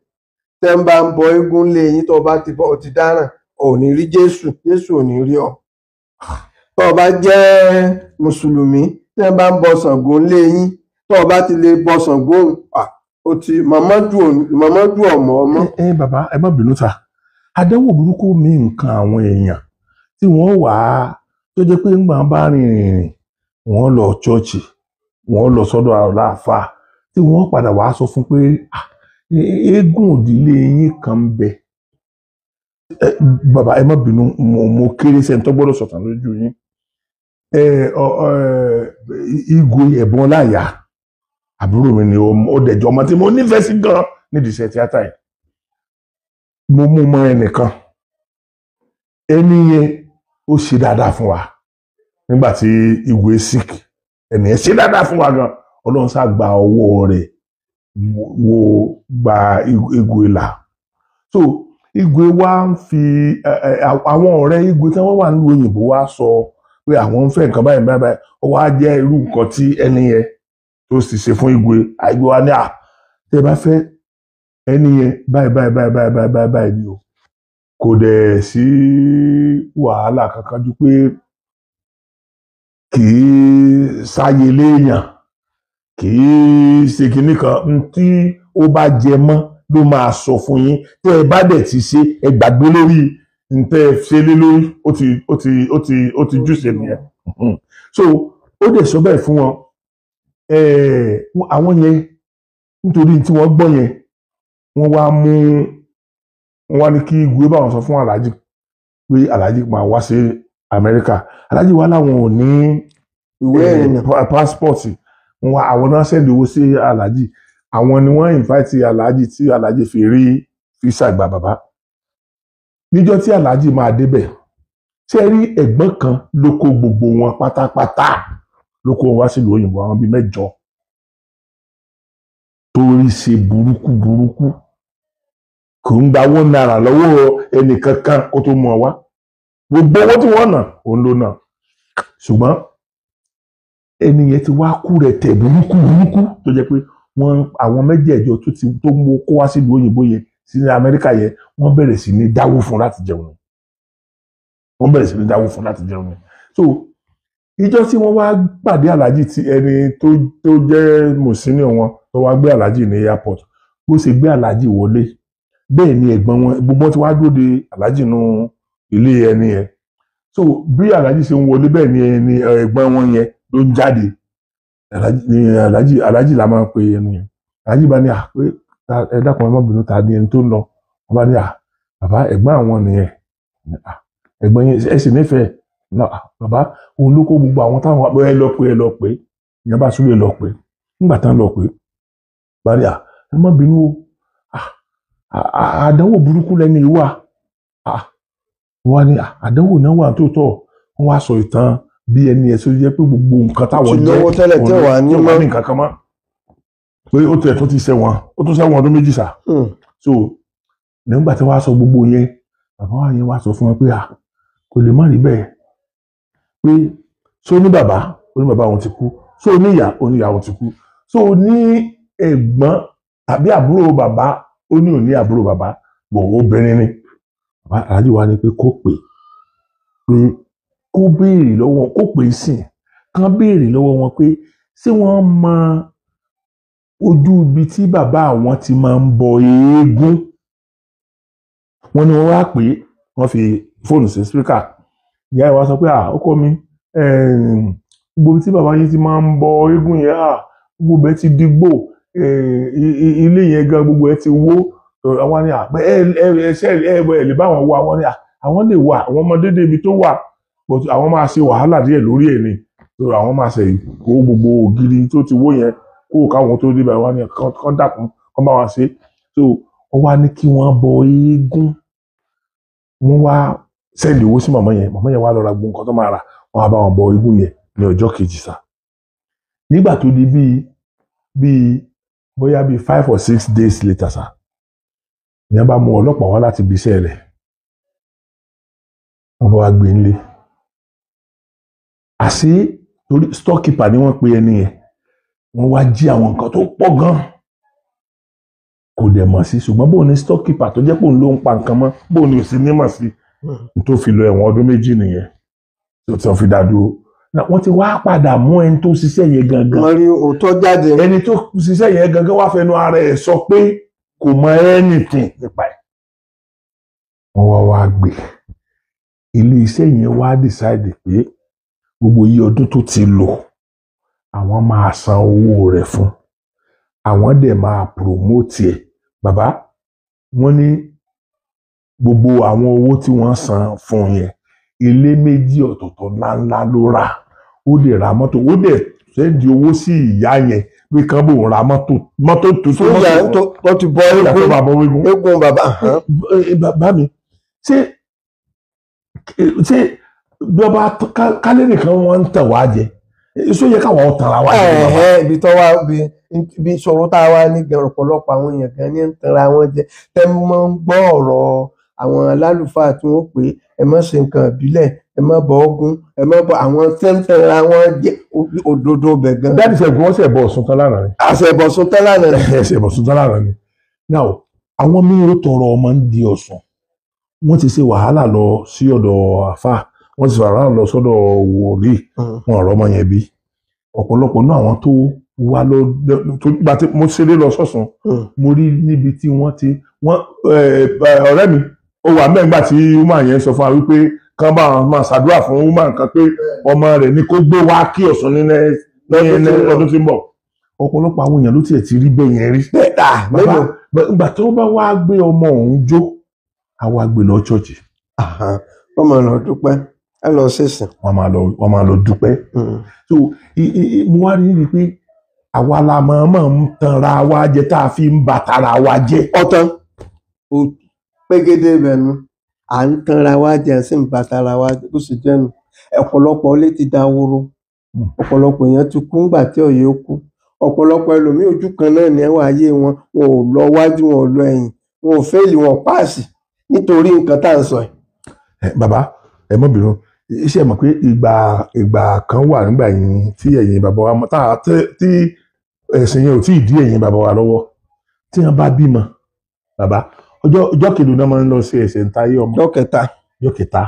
tẹ́ ń bá ń bọ eégún lé yín tó bá ti bọ́ ọ ti dáràn ò ní rí jésù jésù ò rí ọ tó o bá jẹ́ mùsùlùmí tí wọ́n bá ń bọ Ṣàngó ńlé yín tó o bá ti lè bọ Ṣàngó o ti mọ̀mọ́dù ọmọ ọmọ. ẹ ẹ bàbá ẹ má bínú ta àdánwò burúkú mi nǹkan àwọn èèyàn tí wọ́n wà á tó jẹ́ pé ńgbà bá rìn rìn rìn wọ́n lọ ṣọ́ọ̀ṣì wọ́n lọ sọ́dọ̀ aláàfáà tí wọ́n padà wàá sọ fún pé eégún òdílé yín kan bẹ́ẹ̀ baba ẹ má bínú mo mo kéré sẹ ń tọgbọdọ sọtàn lójú yín igo ẹbọn láyà àbúrò mi ni ó dẹjọ ọmọ tí mo nífẹ̀ẹ́ sí gan nídìí iṣẹ́ tíátà yìí mo mú mọ ẹnìkan ẹni yẹn ó ṣe dáadáa fún wa nígbà tí igo ẹ sick ẹni yẹn ṣe dáadáa fún wa gan Ọlọ́run sá gba ọwọ́ rẹ̀ wo gba igo ìlà so Igwe wa ń fi àwọn ọ̀rẹ́ Igwe tí wọ́n wà nílùú òyìnbó wa sọ pé àwọn ń fẹ́ nǹkan báyìí báyìí ó wá jẹ́ irú nǹkan tí ẹni yẹn tó sì ṣe fún Igwe Igwe wa ní à tẹ́ bá fẹ́ ẹni yẹn báyìí báyìí báyìí báyìí báyìí báyìí báyìí ni o kò dẹ̀ sí wàhálà kankan ju pé kì í sáyé léèyàn kì í ṣe kinní kan ó bá jẹ ló máa sọ fún yín tẹ́ ẹ bá dẹ̀ ti ṣe ẹ gbàgbé lórí ntẹ́ ẹ ṣe lé lórí ó ti ó ti ó ti ó ti jùṣe nìyẹn so ó dẹ̀ sọ bẹ́ẹ̀ fún wọn àwọn yẹn nítorí tí wọ́n gbọ́ yẹn wọ́n wá mú wọ́n wá ní kí ìwé báwọn sọ fún aláàjì pé aláàjì máa wá sí Amẹ́ríkà aláàjì wá láwọn ò ní ìwé eh, passport wọn àwọn náà sẹ́ndì owó sí aláàjì àwọn ni wọ́n invite aláàjì tí aláàjì fi rí fisa gba bàbá níjọ́ tí aláàjì máa débẹ̀ ṣe rí ẹ̀gbọ́n kan ló kó gbogbo wọn pátápátá ló kó wọn wá sílùú òyìnbó àwọn bíi mẹ́jọ torí ṣe burúkú burúkú kò ń gba owó náírà lọ́wọ́ ẹnìkankan kó tó mú ọ wá gbogbo owó tí wọ́n nà òun ló nà ṣùgbọ́n ẹnìyẹn ti wá kú rẹ̀ tẹ̀ burúkú burúkú tó jẹ́ pé wọ́n àwọn mẹ́jẹ̀ẹ̀jọ tó ti tó mú kó wá sílùú òyìnbó yẹn sí ní Amẹ́ríkà yẹn wọ́n bẹ̀rẹ̀ sí ní dáwó fún láti jẹun ni wọ́n bẹ̀rẹ̀ sí ní dáwó fún láti jẹun ni so ìjọ tí wọ́n wá pàdé aláàjì tí ẹni tó tó jẹ́ mùsùlùmí wọn tó wá gbé aláàjì ní airport bó ṣe gbé aláàjì wọlé bẹ́ẹ̀ ni ẹ̀gbọ́n wọn gbogbo tí wá dúró de aláàjì nù ilé ẹni yẹn so bí aláàjì ṣe ń wọlé bẹ́ẹ̀ ni ẹni ẹ̀gbọ́n wọn yẹn ló ń jáde aláàjì aláàjì la máa ń pe ẹnu yẹn aláàjì bá ní à ah, pé ẹ dákun ẹ má ta ni ẹni tó ń lọ wọn bá ní à ah, bàbá ẹ̀gbọ́n àwọn nìyẹn ah, ẹ̀gbọ́n yẹn ẹ sì nífẹ̀ẹ́ bàbá òun ló kó gbogbo àwọn táwọn ẹ lọ pé ẹ lọ pé ìyẹn bá súlẹ̀ lọ pé nígbà tán lọ pé bá ní à ẹ má bínú o àdánwò burúkú lẹni wà wọn ní àdánwò náà wà tó tọ wọn wá sọ ìtàn bí ẹni ẹ̀ sójú jẹ́ pé gbogbo nǹkan táwọn jẹ́ ọ̀rẹ́ wọn ní nǹkan kan mọ́ pé ó tẹ̀ tó ti ṣẹ̀wọ̀n ó tún ṣẹ̀wọ̀n ọdún méjì sá hmm. so nígbà tí wàá sọ gbogbo yẹn bàbá wa yẹn wàá sọ fún wọn pé à kò lè má rí bẹ́ẹ̀ pé só ní bàbá ó ní bàbá wọn ti kú só ní ìyá ó ní ìyá wọn ti kú só ní ẹ̀gbọ́n àbí àbúrò bàbá ó ní òní àbúrò bàbá bò obìnrin ni bàbá aláàjì wa ni pé kó pè pé kó béèrè lọ́wọ́ kó pè sìn kán béèrè lọ́wọ́ wọn pé ṣé wọ́n mọ ojú ibi tí bàbá àwọn ti máa ń bọ eégún wọ́n ní wọ́n wá pé wọ́n fi fóònù sí spíkà ìyá ìwà sọ pé à ó kọ́ mi gbogbo ibi tí bàbá yìí ti máa ń bọ eégún yẹn à gbogbo ẹ ti digbó ilé yẹn gan gbogbo ẹ ti wó àwọn ni àpẹ ẹ ẹ ẹ ṣe ẹ ẹ lè bá àwọn wá àwọn ni àwọn lè wà àwọn ọmọ déédéé tó wà but àwọn máa ṣe wàhálà díẹ̀ lórí ẹ̀ ni so àwọn máa ṣe kó gbogbo ògiri tó ti wó yẹn kó káwọn tó dé báyìí wá ní kán dàkún kán bá wa ṣe so wọ́n wá ní kí wọ́n bọ eégún wọ́n wá sẹ́ẹ̀dì owó sí màmá yẹn màmá yẹn wá lọ ra gbogbo nǹkan tó máa rà wọ́n á bá wọn bọ eégún yẹn ní ọjọ́ kejì sá nígbà tó di bíi bíi bóyá bíi five or six days later sá ìyẹn bá mú ọlọ́pàá wá láti ibi iṣẹ́ rẹ̀ wọ́n bá wá gbé nílé àṣé torí storekeeper ni wọ́n pe ẹni yẹn wọ́n wá jí àwọn nǹkan tó pọ̀ gan-an kò dẹ̀ mọ̀ sí ṣùgbọ́n bóun ni storekeeper tó jẹ́ pòun ló ń pa nǹkan mọ́ bóun ni ò sí nímọ̀ sí tó fi lọ ẹ̀wọ̀n ọdún méjì nìyẹn tó ti fi dá dúró wọ́n ti wá padà mú ẹni tó ṣiṣẹ́ yẹn gangan wọ́n rí òótọ́ jáde ẹni tó ṣiṣẹ́ yẹn gangan wá fẹnu ara ẹ̀ sọ pé kò mọ anything nípa ẹ̀ wọ́n wá wá gbé ilé yẹn wá decide pé gbogbo iye ọdún tó ti lò àwọn máa san owó rẹ̀ fún àwọn dẹ̀ máa promote ẹ̀ bàbá wọ́n ní gbogbo àwọn owó tí wọ́n san fún yẹn ilé méjì ọ̀tọ̀ọ̀tọ̀ ńláńlá ló rà ó dẹ̀ ra mọ́tò ó dẹ̀ sẹ́ndì owó sí ìyá yẹn pé kán bò ń ra mọ́tò mọ́tò tó tó mọ́tò tó wọ́n ti bọ́ eégún bàbá mi ṣé ṣé ìjọba kálí nìkan wọn ń tàn wá jẹ iṣu yẹ káwọn ọtàn ra wá jẹ. ẹ ibi tó wá ibi ìṣòro tá a wá ní gan ọ̀pọ̀lọpọ̀ àwọn èèyàn gan ní ń tanra wọn jẹ tẹ́ mọ́ ń gbọ́ ọ̀rọ̀ àwọn alálùfáà tí wọ́n pè ẹ mọ́ ṣe nǹkan ìbílẹ̀ ẹ mọ́ bọ ogun ẹ mọ́ bọ àwọn tẹ́ ń tanra wọn jẹ òdodo bẹ̀ gan. dáàbì sẹ́gun wọ́n ṣe ẹ̀bọ̀ ọ̀sùn tán lánàá ni. àṣẹ ẹ̀bọ̀ ọ̀sùn tán lánàá ni. ẹ̀ṣẹ̀ ẹ̀bọ̀ ọ̀sùn tán lánàá ni. now àwọn mí wọ́n sì fara lọ sọ́dọ̀ wòlíì hmm. wọn ọ̀rọ̀ ọmọ yẹn bí ọ̀pọ̀lọpọ̀ náà àwọn tó wá lọ tó gba tí mo ṣeré lọ sọ̀sán hmm. mo rí níbi tí wọ́n ti wọ́n eh, eh, ọ̀rẹ́ mi ó wà mẹ́rin gbà tí woman yẹn sọ fún wa wípé kán bá wọn máa ṣàdúrà fún woman kan pé ọmọ rẹ̀ ni kó gbé wá kí ọ̀sán ní ọdún tí ń bọ̀ ọ̀pọ̀lọpọ̀ àwọn èèyàn ló tiẹ̀ ti rí bẹ́ẹ̀ yẹn rí. bẹ́ẹ̀ta bàbá ìgbà bá wá gbé ọmọ òun jó àwa gbé lọ ṣọ́ọ̀ṣì. ọmọ rẹ̀ dúpẹ́ ẹ lọ ṣèsìn. wọ́n máa lọ wọ́n máa lọ dúpẹ́. Mm. so mo wá rí i pé àwa la máa máa ń tanra wa jẹ tá a fi ń ba tara wa jẹ. ọ̀tán o pégédé bẹ̀nu à ń tanra wa jẹ à ń sì ń ba wa jẹ bó sì jẹ́nu ọ̀pọ̀lọpọ̀ ilé ti da woro mm. ọ̀pọ̀lọpọ̀ èèyàn ti kú ńgbà tí ọ̀yẹ́ kú ọ̀pọ̀lọpọ̀ ẹlòmíì ojú kan náà ní ẹwà ayé wọn wọn ò lọ wájú wọn ò lọ ẹ̀yìn wọn ò fẹ́ẹ̀lì wọn ò nítorí nǹkan tá à ń sọ yìí. ẹ mọ bìrún iṣẹ mọ̀ pé ìgbà ìgbà kan wà nígbà yìí tí ẹ̀yin bàbá wa mọ táà tí ẹ̀sìn yẹn ò tí ì dí ẹ̀yin bàbá wa lọ́wọ́ tí wọ́n bá bímọ bàbá ọjọ́ ọjọ́ kìlú náà máa ń lọ sí ẹsẹ ntáyé ọmọ ọjọ́ kẹta ọjọ́ kẹta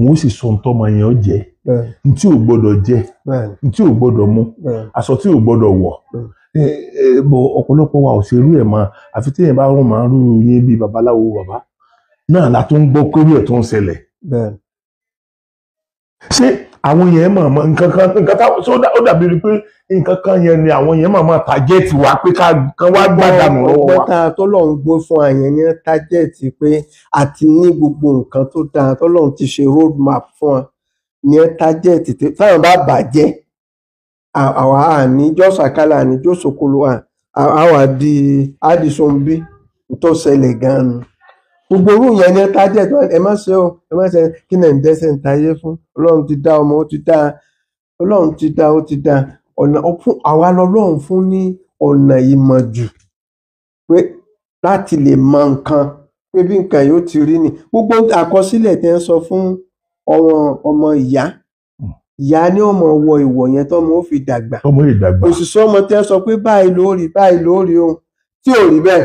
wọn ó sì sọ ntọ́mọ yẹn ó jẹ ntí ò gbọ́dọ̀ jẹ ntí ò gbọ́dọ̀ mu aṣọ tí ò gbọ́dọ̀ wọ̀ bọ ọ̀pọ̀lọpọ̀ wa ò ṣe irú ẹ̀ mọ́ àfi téèyàn bá rún màá rú yín bíi babaláwo bàbá náà la tó ń gbọ́ kórè ẹ̀ tó ń ṣẹlẹ̀ ṣé àwọn yẹn mọ̀ mọ́ nǹkan kan nǹkan tá ó dàbí rí pé nǹkan kan yẹn ni àwọn yẹn mọ̀ mọ́ tájẹ́ẹ̀tì wa pé ká kan wá gbàdánù lọ́wọ́ wa. ọgbọ́n tá a tọ́lọ́run gbé fún àyàn ní tájẹ́ẹ̀tì pé àti ní gbogbo nǹkan tó dáa tọ́lọ́run ti ṣe road map fún ọ ní tájẹ́ẹ̀tì táwọn bá bàjẹ́ àwa àní jọ́sàkálà àní jọ́sòkolo àwa di addison b tó ṣẹlẹ̀ gan-an gbogbo orú yẹn ni ká jẹ́ ẹ má ṣe o ẹ má ṣe kí ni ẹ̀ ń tayé fún ọlọ́run ti dá ọmọ ó ti dá ọlọ́run ti dá ó ti dá ọ̀nà fún àwa lọ́lọ́run fún ní ọ̀nà ìmọ̀ pé láti lè mọ nǹkan pé bí nǹkan yóò ti rí ni gbogbo àkọsílẹ̀ tẹ́ ń sọ fún ọmọ ọmọ ìyá hmm. ìyá ni ọmọ wọ ìwọ̀ yẹn tọ́mọ ó fi dàgbà ọmọ yìí dàgbà òṣìṣẹ́ ọmọ tẹ́ ń sọ pé báyìí ló báyìí ló o tí ò rí bẹ́ẹ̀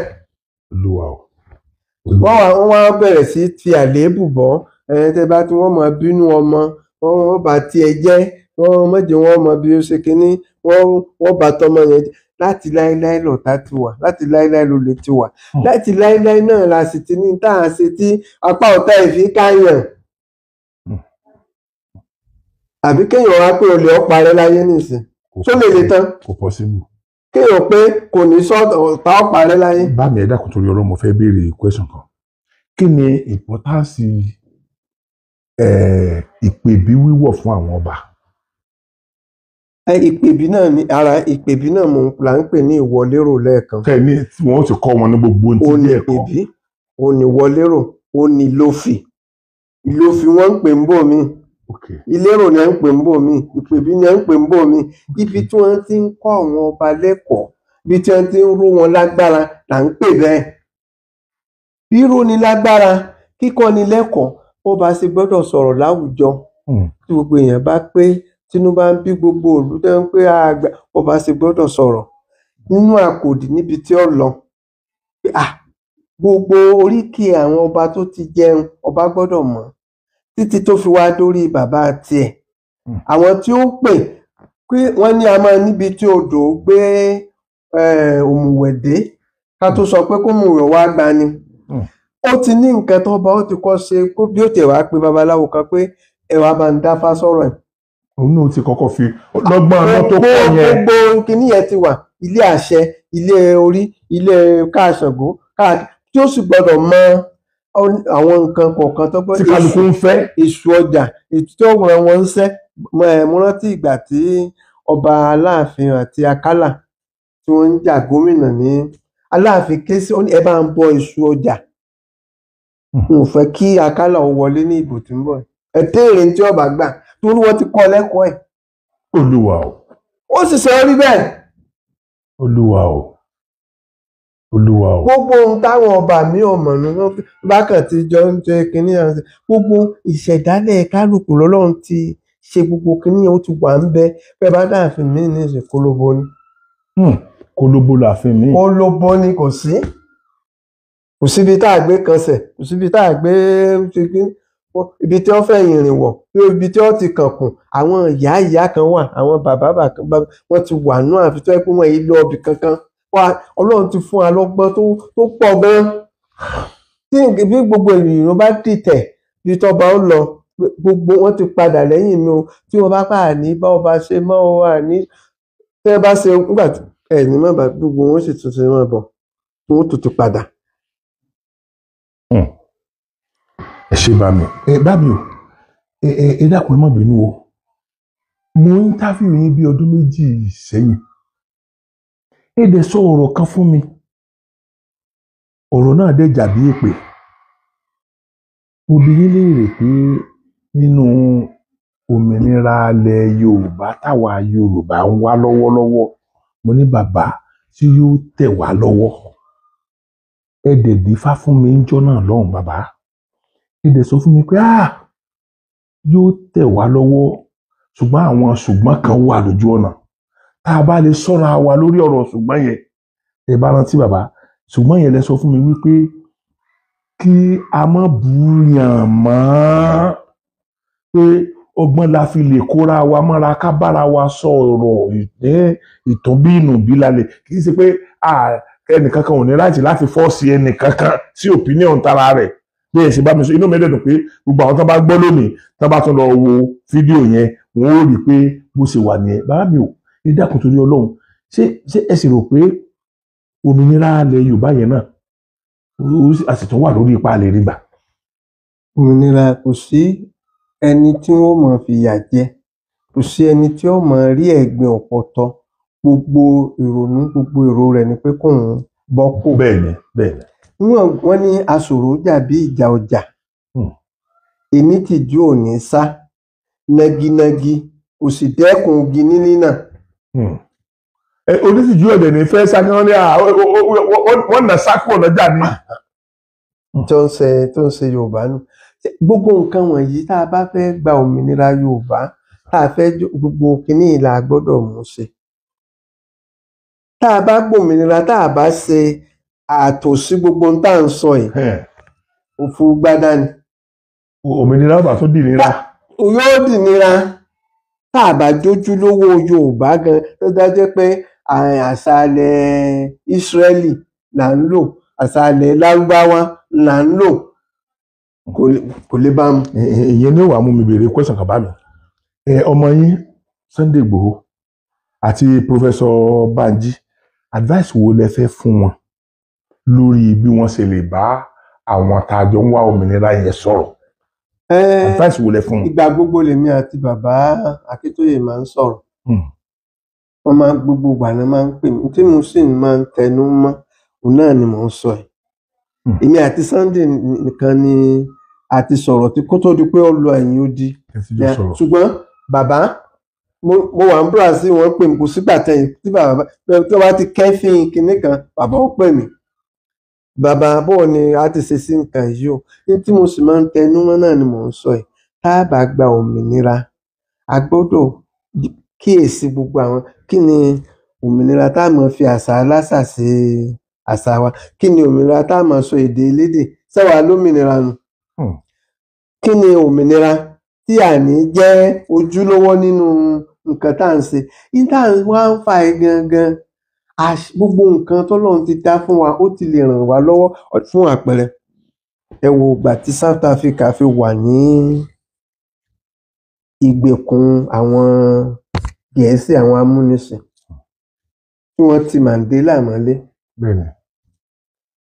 wọ́n wá wọ́n wá bẹ̀rẹ̀ sí ti àléébù bọ́ ẹ̀ẹ́n tẹ́ bá tí wọ́n máa bínú ọmọ wọ́n bá tiẹ̀ jẹ́ wọ́n mọ̀jẹ̀ wọ́n mọ bí ó ṣe kínní wọ́n bá tọmọ yẹn jẹ́ láti láéláé lọ̀tá ti wà láti láéláé lólè ti wà hmm. láti láéláé náà la sì ti ní tá à ń ṣe tí apá ọ̀tá ìfi káyàn hmm. àbí kéèyàn wá pé olè ọ̀parẹ́ láyé nìsín tó lè le tán. kò pọ̀ síbù kéèyàn pé kò ní sọ ọ̀tá ọ̀pá rẹ láyé. bá mi ẹ̀dá kò torí ọlọ́run mo fẹ́ béèrè question kan kí ni ìpọ́tánsì ìpèbí wíwọ̀ fún àwọn ọba. ìpèbí náà ni ara ìpèbí náà mo là ń pè ní ìwọlérò lẹ́ẹ̀kan. kẹ́ni tí wọ́n ti kọ́ wọn ní gbogbo ohun tí ilé ẹ̀kọ́. òní ìpèbí òní ìwọlérò òní lófì lófì wọ́n ń pè ń bò míì ìlérò ni à ń pè ń bò míì ìpèbí ni à ń pè ń bò míì ibi tí wọ́n ti ń kọ́ àwọn ọba lẹ́kọ̀ọ́ ibi tí wọ́n ti ń ró wọn lágbára là ń pè bẹ́ẹ̀ ríróni lágbára kíkọ́ni lẹ́kọ̀ọ́ bó ba ṣe gbọ́dọ̀ sọ̀rọ̀ láwùjọ hmm. tí gbogbo èèyàn bá pé tínú bá ń bí gbogbo òlú tó ń pé àgbà bó ba ṣe gbọ́dọ̀ sọ̀rọ̀ nínú àkòdì níbi tí ó lọ gbogbo oríkèé àwọn ọba tó ti jẹun ọba gbọ́dọ̀ mọ̀ títí tó fi wá dórí bàbá tiẹ̀ hmm. àwọn tí ó pè pé wọ́n ní a máa níbi tí odò gbé òmùwẹ̀dé ká tó hmm. sọ pé kó mú rẹ̀ wá gba ni hmm. ó ti ní nǹkan tó bá ó ti kọ́ ṣe kó bí ó tẹ̀ wá pé babaláwo kan pé ẹ̀wà máa ń dáfá sọ̀rọ̀ ẹ̀. òun náà ti kọ́kọ́ fi lọ́gbọ́n àná tó kọ́ yẹn. gbogbo kìíní yẹn ti wà ilé àṣẹ ilé orí ilé káàṣọ̀gbó tí ó sì gbọ́dọ̀ mọ àwọn nǹkan kọ̀ọ̀kan tó gbọ́ tí kálukú ń fẹ́ èṣù ọjà ètò ọ̀rọ̀ wọn ń sẹ́ eh, mo rántí ìgbà tí ọba aláàfin àti akálà tí wọ́n ń jà gómìnà ní aláàfin ké sí ẹ bá ń bọ èṣù ọjà hmm. n ò fẹ́ kí akálà ó wọlé ní ìbò tí ń bọ̀ ẹ téèrè tí ọba gbà torí wọ́n ti kọ́ lẹ́kọ̀ọ́ ẹ̀. olúwa o. ó sì sọ rí bẹ́ẹ̀. olúwa o olúwa o. gbogbo ohun táwọn ọba mi ò mọ̀ nù bákan tí jọ ń jẹ kínní àti gbogbo ìṣẹ̀dálẹ̀ kálukú lọ́lọ́run ti ṣe gbogbo kínní ó ti wà ń bẹ bẹ́ẹ̀ bá dáàfin mi ní ìṣe kólóbó ni. Hmm, kólóbó làfin mi. kólóbó ni kò sí kò síbi tá a gbé kansẹ̀ kò síbi tá a gbé ibi tí wọ́n fẹ́ ìrìn wọ̀ ibi tí wọ́n ti kànkùn àwọn ìyá ìyá kan wà àwọn bàbá bàbá wọ́n ti wà nù àfitọ́ ẹ pé wọ́n yìí lọ ibì kankan ọlọ́run ti fún wa lọ́gbọ́n tó pọ̀ gan tí bí gbogbo ènìyàn bá dìtẹ̀ bí tọba ó lọ gbogbo wọn ti padà lẹ́yìn mi o tí wọn bá pa àní bá ọba ṣe mọ́ ọ àní tẹ́ ẹ bá ṣe nígbà ẹ̀yìn mọ́ bá gbogbo wọn sì tuntun mọ́ bọ̀ tí tutù padà. Hmm. ẹ ṣe bá mi ẹ bá mi o ẹ dákun ẹ má bínú o mo ń táfíù yín bí ọdún méjì sẹ́yìn. èdè sọ kan fún mi ọrọ náà dẹ̀ jàbí èpè mo bi yín léèrè pé nínú òmìnira ilẹ̀ yorùbá táwa yorùbá wà lọ́wọ́lọ́wọ́ mo ní bàbá tí yóò tẹ̀ wá lọ́wọ́ ẹ dẹ̀ fún mi níjọ́ náà lọ́hùn bàbá mi pé yóò wá ṣùgbọ́n àwọn ṣùgbọ́n kan wà lójú ọ̀nà tá a bá lè sọ́ra wa lórí ọ̀rọ̀ ṣùgbọ́n yẹn ẹ bá rántí bàbá ṣùgbọ́n yẹn lẹ sọ fún mi wípé kí a má búyàn mọ́ pé ọgbọ́n la fi lè kóra wa mọ́ra ká bára wa sọ ọ̀rọ̀ ìtọ́bínúbí lálẹ́ kì í ṣe pé ẹnìkankan ò ní láti láti fọ́ọ̀sì ẹnìkankan sí opinion tara rẹ̀ bí ẹ ṣe bá mi sọ inú mi dẹ̀ dùn pé gbogbo àwọn tó bá gbọ́ lónìí tó bá tún lọ wo fídíò yẹn wọ́n ó rí i pé bó ṣe wà nìyẹn bàbá mi ò ẹ dákun torí ọlọ́run ṣé ṣé ẹ sì rò pé òmìnira ilẹ̀ yorùbá yẹn náà a sì tún wà lórí ipa àlè rìgbà. òmìnira kò sí ẹni tí wọ́n máa fìyà jẹ kò sí ẹni tí ó máa rí ẹ̀gbin ọ̀pọ̀tọ́ gbogbo ìrònú gbogbo èrò rẹ̀ ni pé kò ń bọ́kù. bẹ́ẹ̀ni bẹ́ẹ̀ni. wọ́n ní aṣòro dàbí ìjà ọjà èmi hmm. ò ní sá naginagi kò sì dẹ́kun igi níní náà Hmm. Eh, oníṣìjú ọ̀dẹ̀ ní fẹ́ ah, sákẹ́wọ́n ní wọ́n nà sákò lọ́jà ni. Hmm. tó ń ṣe tó ń ṣe yorùbá nù gbogbo nǹkan wọ̀nyí tá a bá fẹ́ gba òmìnira yorùbá tá a fẹ́ gbogbo kínní ìlà gbọ́dọ̀ mú ṣe tá a bá gbòmìnira tá a bá ṣe àtòsí gbogbo tá à ń sọ yìí òfurufú gbádá ni. òmìnira bá tún dì nira. yóò dì nira. tá a bá jójúlówó yorùbá gan tó dájẹ́ pé àṣàlẹ̀ ísírẹ́lì là ń lò àṣàlẹ̀ lárúbáwá là ń lò kò lè bá mu. ìyẹn ní wàá mú mi béèrè question kan bá mi ọmọ yín Sunday Igboho àti Professor Banji advice wo lẹ fẹ́ fún wọn lórí bí wọ́n ṣe lè bá àwọn tá a jọ ń wá òmìnira yẹn sọ̀rọ̀ Eh, advice wo lẹ fún wọn. ìgbà gbogbo lèmi àti bàbá akíntóye máa ń sọ̀rọ̀ hmm. wọn máa ń gbogbo ìgbà náà máa ń pè mí tí mo sì máa ń tẹnu mọ́ òun náà ni mò ń sọ ẹ hmm. èmi àti Sunday nìkan ni àti sọ̀rọ̀ tí kó tó di pé ó lọ ẹ̀yìn odi ṣùgbọ́n bàbá mo wà ń Brazil wọ́n pè mí kò sígbà tẹ̀yìn tí bàbá tí wọ́n bá ti kẹ́fín kinní kan bàbá ó pè mí bàbá bò ni a ti ṣe sí nǹkan yìí o ní tí mo sì máa ń tẹnu mọ́ náà ni mò ń sọ ẹ̀ tá a bá gba òmìnira a gbọ́dọ̀ kíyèsí gbogbo àwọn kí ni òmìnira tá a máa fi àṣà aláṣà ṣe àṣà wa kí ni òmìnira tá a máa sọ èdè elédè sẹ́wàá lómìnira nù hmm. kí ni òmìnira tí àní jẹ́ ojúlówó nínú nǹkan tá à ń ṣe ní tá à ń wá ń fa ẹ̀ gbogbo nǹkan tọ́lọ́run ti dá fún wa ó ti lè ràn wá lọ́wọ́ fún àpẹẹrẹ ẹ wo ìgbà tí South Africa fi wà ní ìgbèkùn àwọn Gẹ̀ẹ́sì àwọn amúnisìn tí wọ́n ti Mandela mọ́lé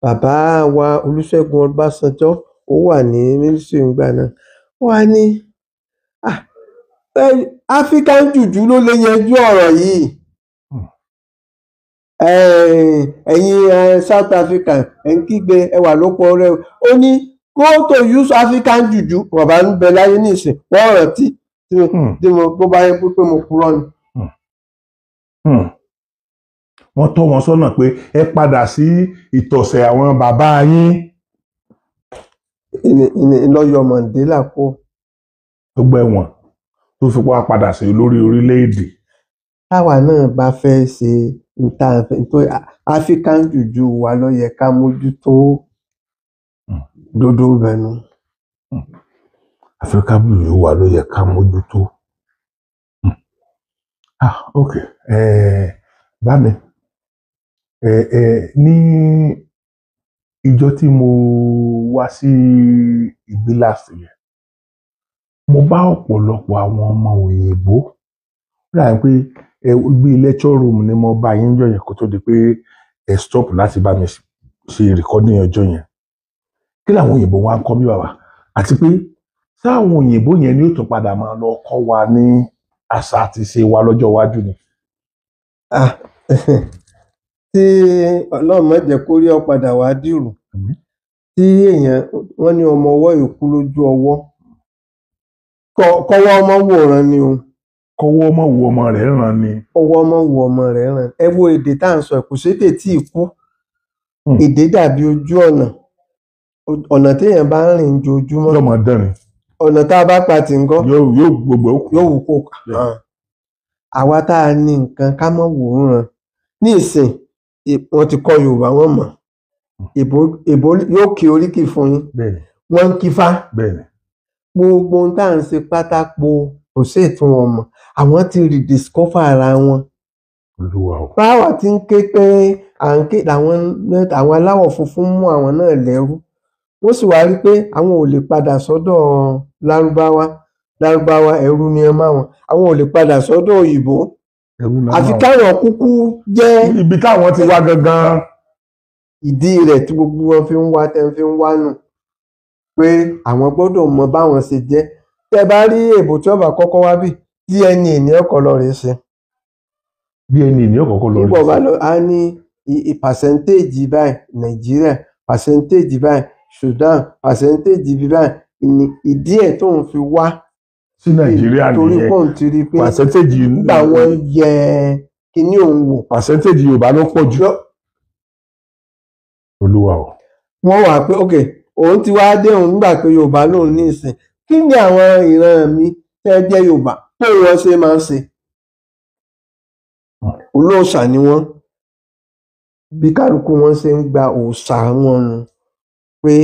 bàbá wa Olúṣẹ́gun Ọbásanjọ́ ó wà ní mínísírì ńgbà náà ó wá ní ah, African jùjú ló lè yanjú ọ̀rọ̀ yìí Eh, ẹ̀yin eh, South Africa ẹ̀ ń kígbe ẹ wà lóko ọrẹ́ o ó ní go to use African juju bàbá ń bẹ láyé ní ìsìn wọ́n rántí tí mo hmm. bó bá yẹ pé mo purọ́ ni. Hmm. Hmm. wọ́n tọ́ wọn sọ́nà pé ẹ padà sí ìtọ̀sẹ̀ àwọn bàbá yín. ìlọyọ Mandela kó. gbogbo ẹ̀wọ̀n tó fi wá padà sí olórí orílẹ̀-èdè. táwa náà bá fẹ́ ṣe níta tó African jùjú wa ló yẹ ká mójútó hmm. dodo bẹnu. Hmm. African jùjú wa ló yẹ ká mójútó. Hmm. ah ok eh, bá mi eh, eh, ní ìjọ tí mo wá sí ìgbélàsì yẹn mo bá ọ̀pọ̀lọpọ̀ àwọn ọmọ òyìnbó náà pé ẹ bí lecture room ni mo bá yín jọ yẹn kó tó di pé ẹ stop láti bá mi ṣe recording ọjọ́ yẹn kí làwọn òyìnbó wa ń kọ́ bí bàbá àti pé sáwọn òyìnbó yẹn ni ó tún padà máa lọ kọ́ wa ní àṣà àti ṣe wa lọ́jọ́ iwájú ni. tí ọlọ́run má jẹ́ kó rí ọ padà wá dìrù tí èèyàn wọ́n ní ọmọ ọwọ́ ìkú lójú ọwọ́ kọ́wọ́ ọmọ wòran ni o. kọwọ́ ọmọ wo ọmọ rẹ̀ ràn ni. ọwọ́ ọmọ wo ọmọ rẹ̀ ràn ẹ wo èdè tá à ń sọ ẹ̀ kò sédè tí ì kú hmm. èdè dàbí ojú ọ̀nà ọ̀nà bá ń rìn yóò máa ọ̀nà tá a bá pa tì ń gbogbo yóò wù kó ah. àwa tá wọ́n ti kọ Yorùbá wọn mọ̀ hmm. èbó yóò kí fún yín wọ́n ń gbogbo ohun tá à ń kò sí ìtún wọn mọ̀ àwọn ti rediscover ara wọn báwa ti ń ké pé à ń ké àwọn àwọn aláwọ̀ funfun mú àwọn náà lẹ́rú wọ́n sì wá rí i pé àwọn ò lè padà sọ́dọ̀ lárúbáwá lárúbáwá ẹrú ni ẹ máa wọn àwọn ò lè padà sọ́dọ̀ òyìnbó àfi káwọn kúkú jẹ́ ibi táwọn ti wá gangan ìdí rẹ̀ tí gbogbo wọn fi ń wá tẹ́ fi ń wá nù pé àwọn gbọ́dọ̀ mọ báwọn ṣe jẹ́ tẹ́ bá rí èbò tí ọba kọ́kọ́ wá bí dna ní ọkọ̀ lọ rèé ṣe. dna ní ọkọ̀ kọ́ lọ rèé ṣe. púpọ̀ bá lọ a ní pàṣẹ́ntéèjì báyìí nàìjíríà pàṣẹ́ntéèjì báyìí sudan pàṣẹ́ntéèjì báyìí ìdí ẹ̀ tó ń fi wá. sí nàìjíríà nìyẹn torí pọ̀ ń tiri pé pàṣẹ́ntéèjì nígbà wọn yẹ kíní òun wò. pàṣẹ́ntéèjì yorùbá ló pọ̀ jù. olúwa o. wọ́n wà pé ok òun ti wá dé òun nígbà pé yorùbá lòun ní ìsìn kí ni àwọn ìran mi tẹ́ jẹ́ yorùbá bó wọn ṣe máa ń ṣe olóòṣà ni wọ́n bí kálukú wọn ṣe ń gba òòṣà wọn nu pé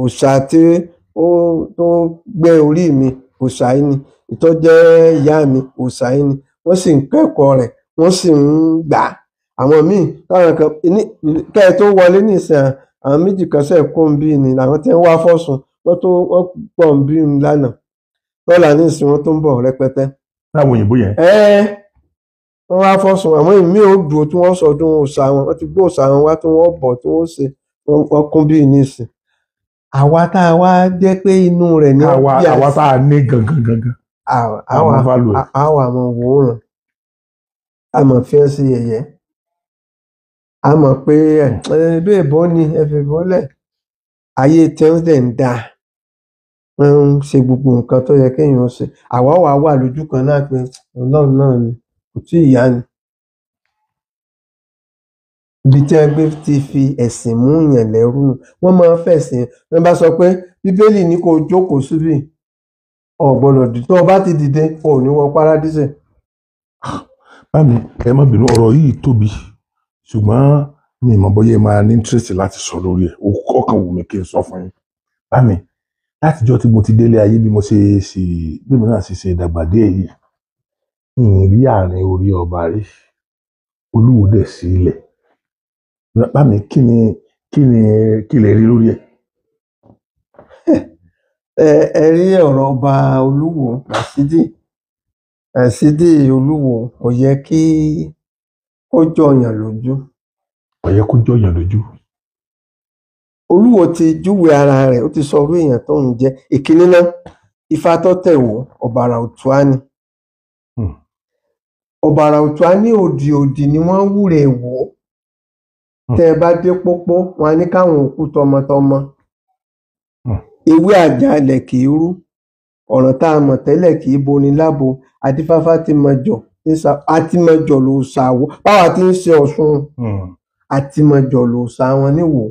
òòṣà tí ó tó gbẹ́ orí mi òòṣà yìí ni ìtọ́jẹ́ ìyá mi òòṣà yìí ni wọ́n sì ń kẹ́kọ̀ọ́ rẹ̀ wọ́n sì ń gbà á àwọn míì káwọn kan kẹ́ tó wọlé nìsín àwọn méjì kan sẹ́ẹ̀ kó ń bí ni làwọn tí ń wá fọ́sùn wọ́n tún wọ́n pọ̀ ń bí mi lánàá lọ́la ní ìsìn wọn tó ń bọ̀ rẹpẹtẹ. láwọn òyìnbó yẹn. ẹ ẹ wọn wá fọsùn àmọ́ ìmí ò dúró tí wọ́n sọdún òòṣà wọn wọ́n ti gbọ́ òòṣà wọn wá tí wọ́n bọ̀ tí wọ́n ṣe wọn kún bí ní ìsìn. àwa tá a wá jẹ́ pé inú rẹ̀ ní ọbí àti àwa tá a ní gangan gangan. àwa àwa àmọ́ wòóràn àmọ́ fi ẹ́ sí yẹ̀yẹ́ àmọ́ pé ẹ̀ ẹ̀ bí èbó ni ẹ fi bọ́lẹ̀ ayé tiwọn dẹ̀ ń dáa wọ́n ń ṣe gbogbo nǹkan tó yẹ kéèyàn ṣe àwa wàá wà lójú kan náà pé ọlọ́run náà ni kò tí ì yá ni. ibi tí wọ́n gbé ti fi ẹ̀sìn mú yàn lẹ́rú wọ́n máa ń fẹ̀sìn wọ́n bá sọ pé bíbélì ní kó o jókòó síbì ò gbọ́dọ̀ dì tó o bá ti dìde o ò ní wọ paradíṣẹ̀. Ah, báàmì ẹ má bínú ọ̀rọ̀ yìí tóbi ṣùgbọ́n mi ìmọ̀ bóyá máa ní interest láti sọ lórí ẹ̀ ọkàn wù mí kí n sọ fún yín bá mi látijọ́ tí mo ti délé ayé bí mo ṣe ṣe bí mi náà ṣe ṣe ìdàgbà dé èyí n rí àárín orí ọba rí olúwo dẹ̀ sí ilẹ̀ bá mi kí ni kí ni kí lè rí lórí ẹ̀. ẹ rí ọ̀rọ̀ ọba olúwo Rasidi Rasidi olúwo kò yẹ kí ó jọyàn lójú kò yẹ kó jọyàn lójú. olúwo ti júwe ara rẹ̀ ó ti sọ irú èèyàn tó ń jẹ́ ìkíní náà ifá tó tẹ̀wọ̀ ọ̀bàrà òtúá ni hmm. ọ̀bàrà òtúá ní òdì òdì ni wọ́n wúre wò ó tẹ́ ẹ bá dé pópó wọn á ní káwọn òkú tọmọtọmọ hmm. ewé àjàlẹ̀ kì í rú ọ̀ràn tá a mọ̀ tẹ́lẹ̀ kì í boni lábo adífáfá ti mọ̀jọ̀ àti mọ̀jọ̀ ló ṣàwọ̀ báwa ti ń ṣe Ọ̀ṣun. Hmm àti mọ jọ̀lò òòṣà wọn níwòó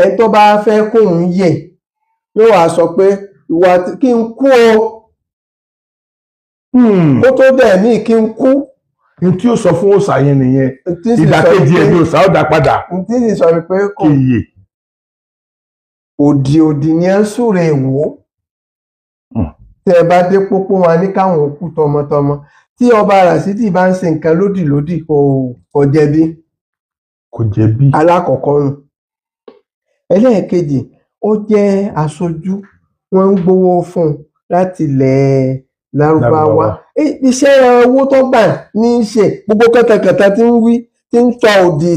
ẹni tó bá fẹ́ kóun yẹ̀ yóò wá sọ pé ìwà kí n kú o hmm. kó tó dẹ̀ ní kí n kú. n tí yóò sọ fún òòṣà yẹn nìyẹn ìdàkejì ẹ̀ ní òòṣà ó dá padà kì í òdì òdì ni ẹ ń súre wò hmm. tẹ ẹ bá dé pópó wọn ní káwọn òkú tọmọtọmọ tí ọba Ràṣídì bá ń ṣe nǹkan lódìlódì kò jẹ̀bi kò jẹ̀bi. alákọ̀ọ́kọ́ nù ẹlẹ́ẹ̀kejì ó jẹ́ aṣojú wọ́n ń gbowó fún un láti ilẹ̀ lárúbáwá iṣẹ́ owó tó gbà ní í ṣe gbogbo kẹtẹkẹtẹ tí ń wí tí ń tọ́ òdì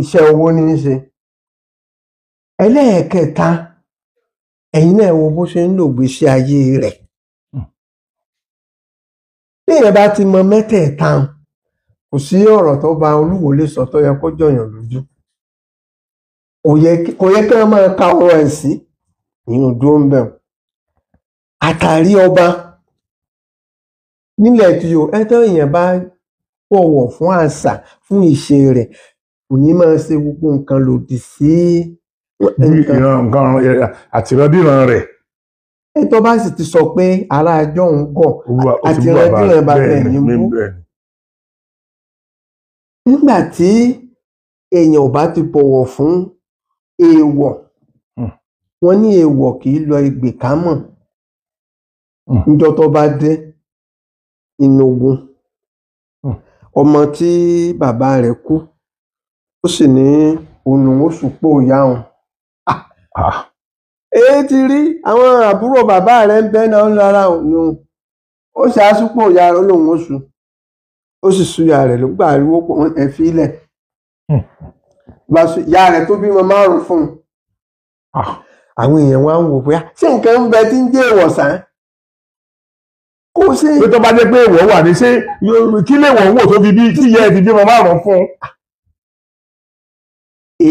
iṣẹ́ owó ní í ṣe ẹlẹ́ẹ̀kẹta ẹ̀yin náà wo bó ṣe ń lò gbèsè ayé rẹ̀ hmm. bí èèyàn bá ti mọ mẹ́tẹ̀ẹ̀ta kò sí ọ̀rọ̀ tó ba olúwo lè sọ tó yẹ kó jọyàn lójú kò yẹ kí wọn máa ka ọ̀rọ̀ ẹ̀ sí nínú dúró ń bẹ àtàrí ọba nílẹ̀ tí yóò ẹ tó èèyàn bá bọ̀wọ̀ fún àṣà fún ìṣe rẹ̀ kò ní máa ṣe gbogbo nǹkan lòdì sí nǹkan rẹ̀ ètò bá sì ti sọ pé aráàjọ ń gọ̀ àtìrọdíran bàbá ẹ̀yìn mú nígbà tí èèyàn ò bá ti bọ̀wọ̀ fún èèwọ̀ hmm. wọ́n ní èèwọ̀ kì í lọ egbè ká mọ̀ níjọ́ hmm. tó bá dé inú ogun hmm. ọmọ tí bàbá rẹ̀ kú ó sì ní òun lòun sùpò ìyá òun èyí ti rí àwọn àbúrò bàbá rẹ̀ ń bẹ náà lára òun ó ṣe àsùpò ìyá rẹ̀ lòun ó sùn. ó sì su ìyá rẹ̀ ló gbà ariwo pọ̀ ẹ fi ilẹ̀ hmm. ìyá rẹ̀ tó bímọ márùn fún un ah. àwọn èèyàn wa ń wò pé ah, ṣé nǹkan ń bẹ tí ń jẹ́ ìwọ̀sán kó sí. pé tó bá jẹ́ pé ìwọ̀ wà ní ṣé kí lè wọ̀ wò tó fi bí tí ìyá ẹ ti bímọ márùn fún ni.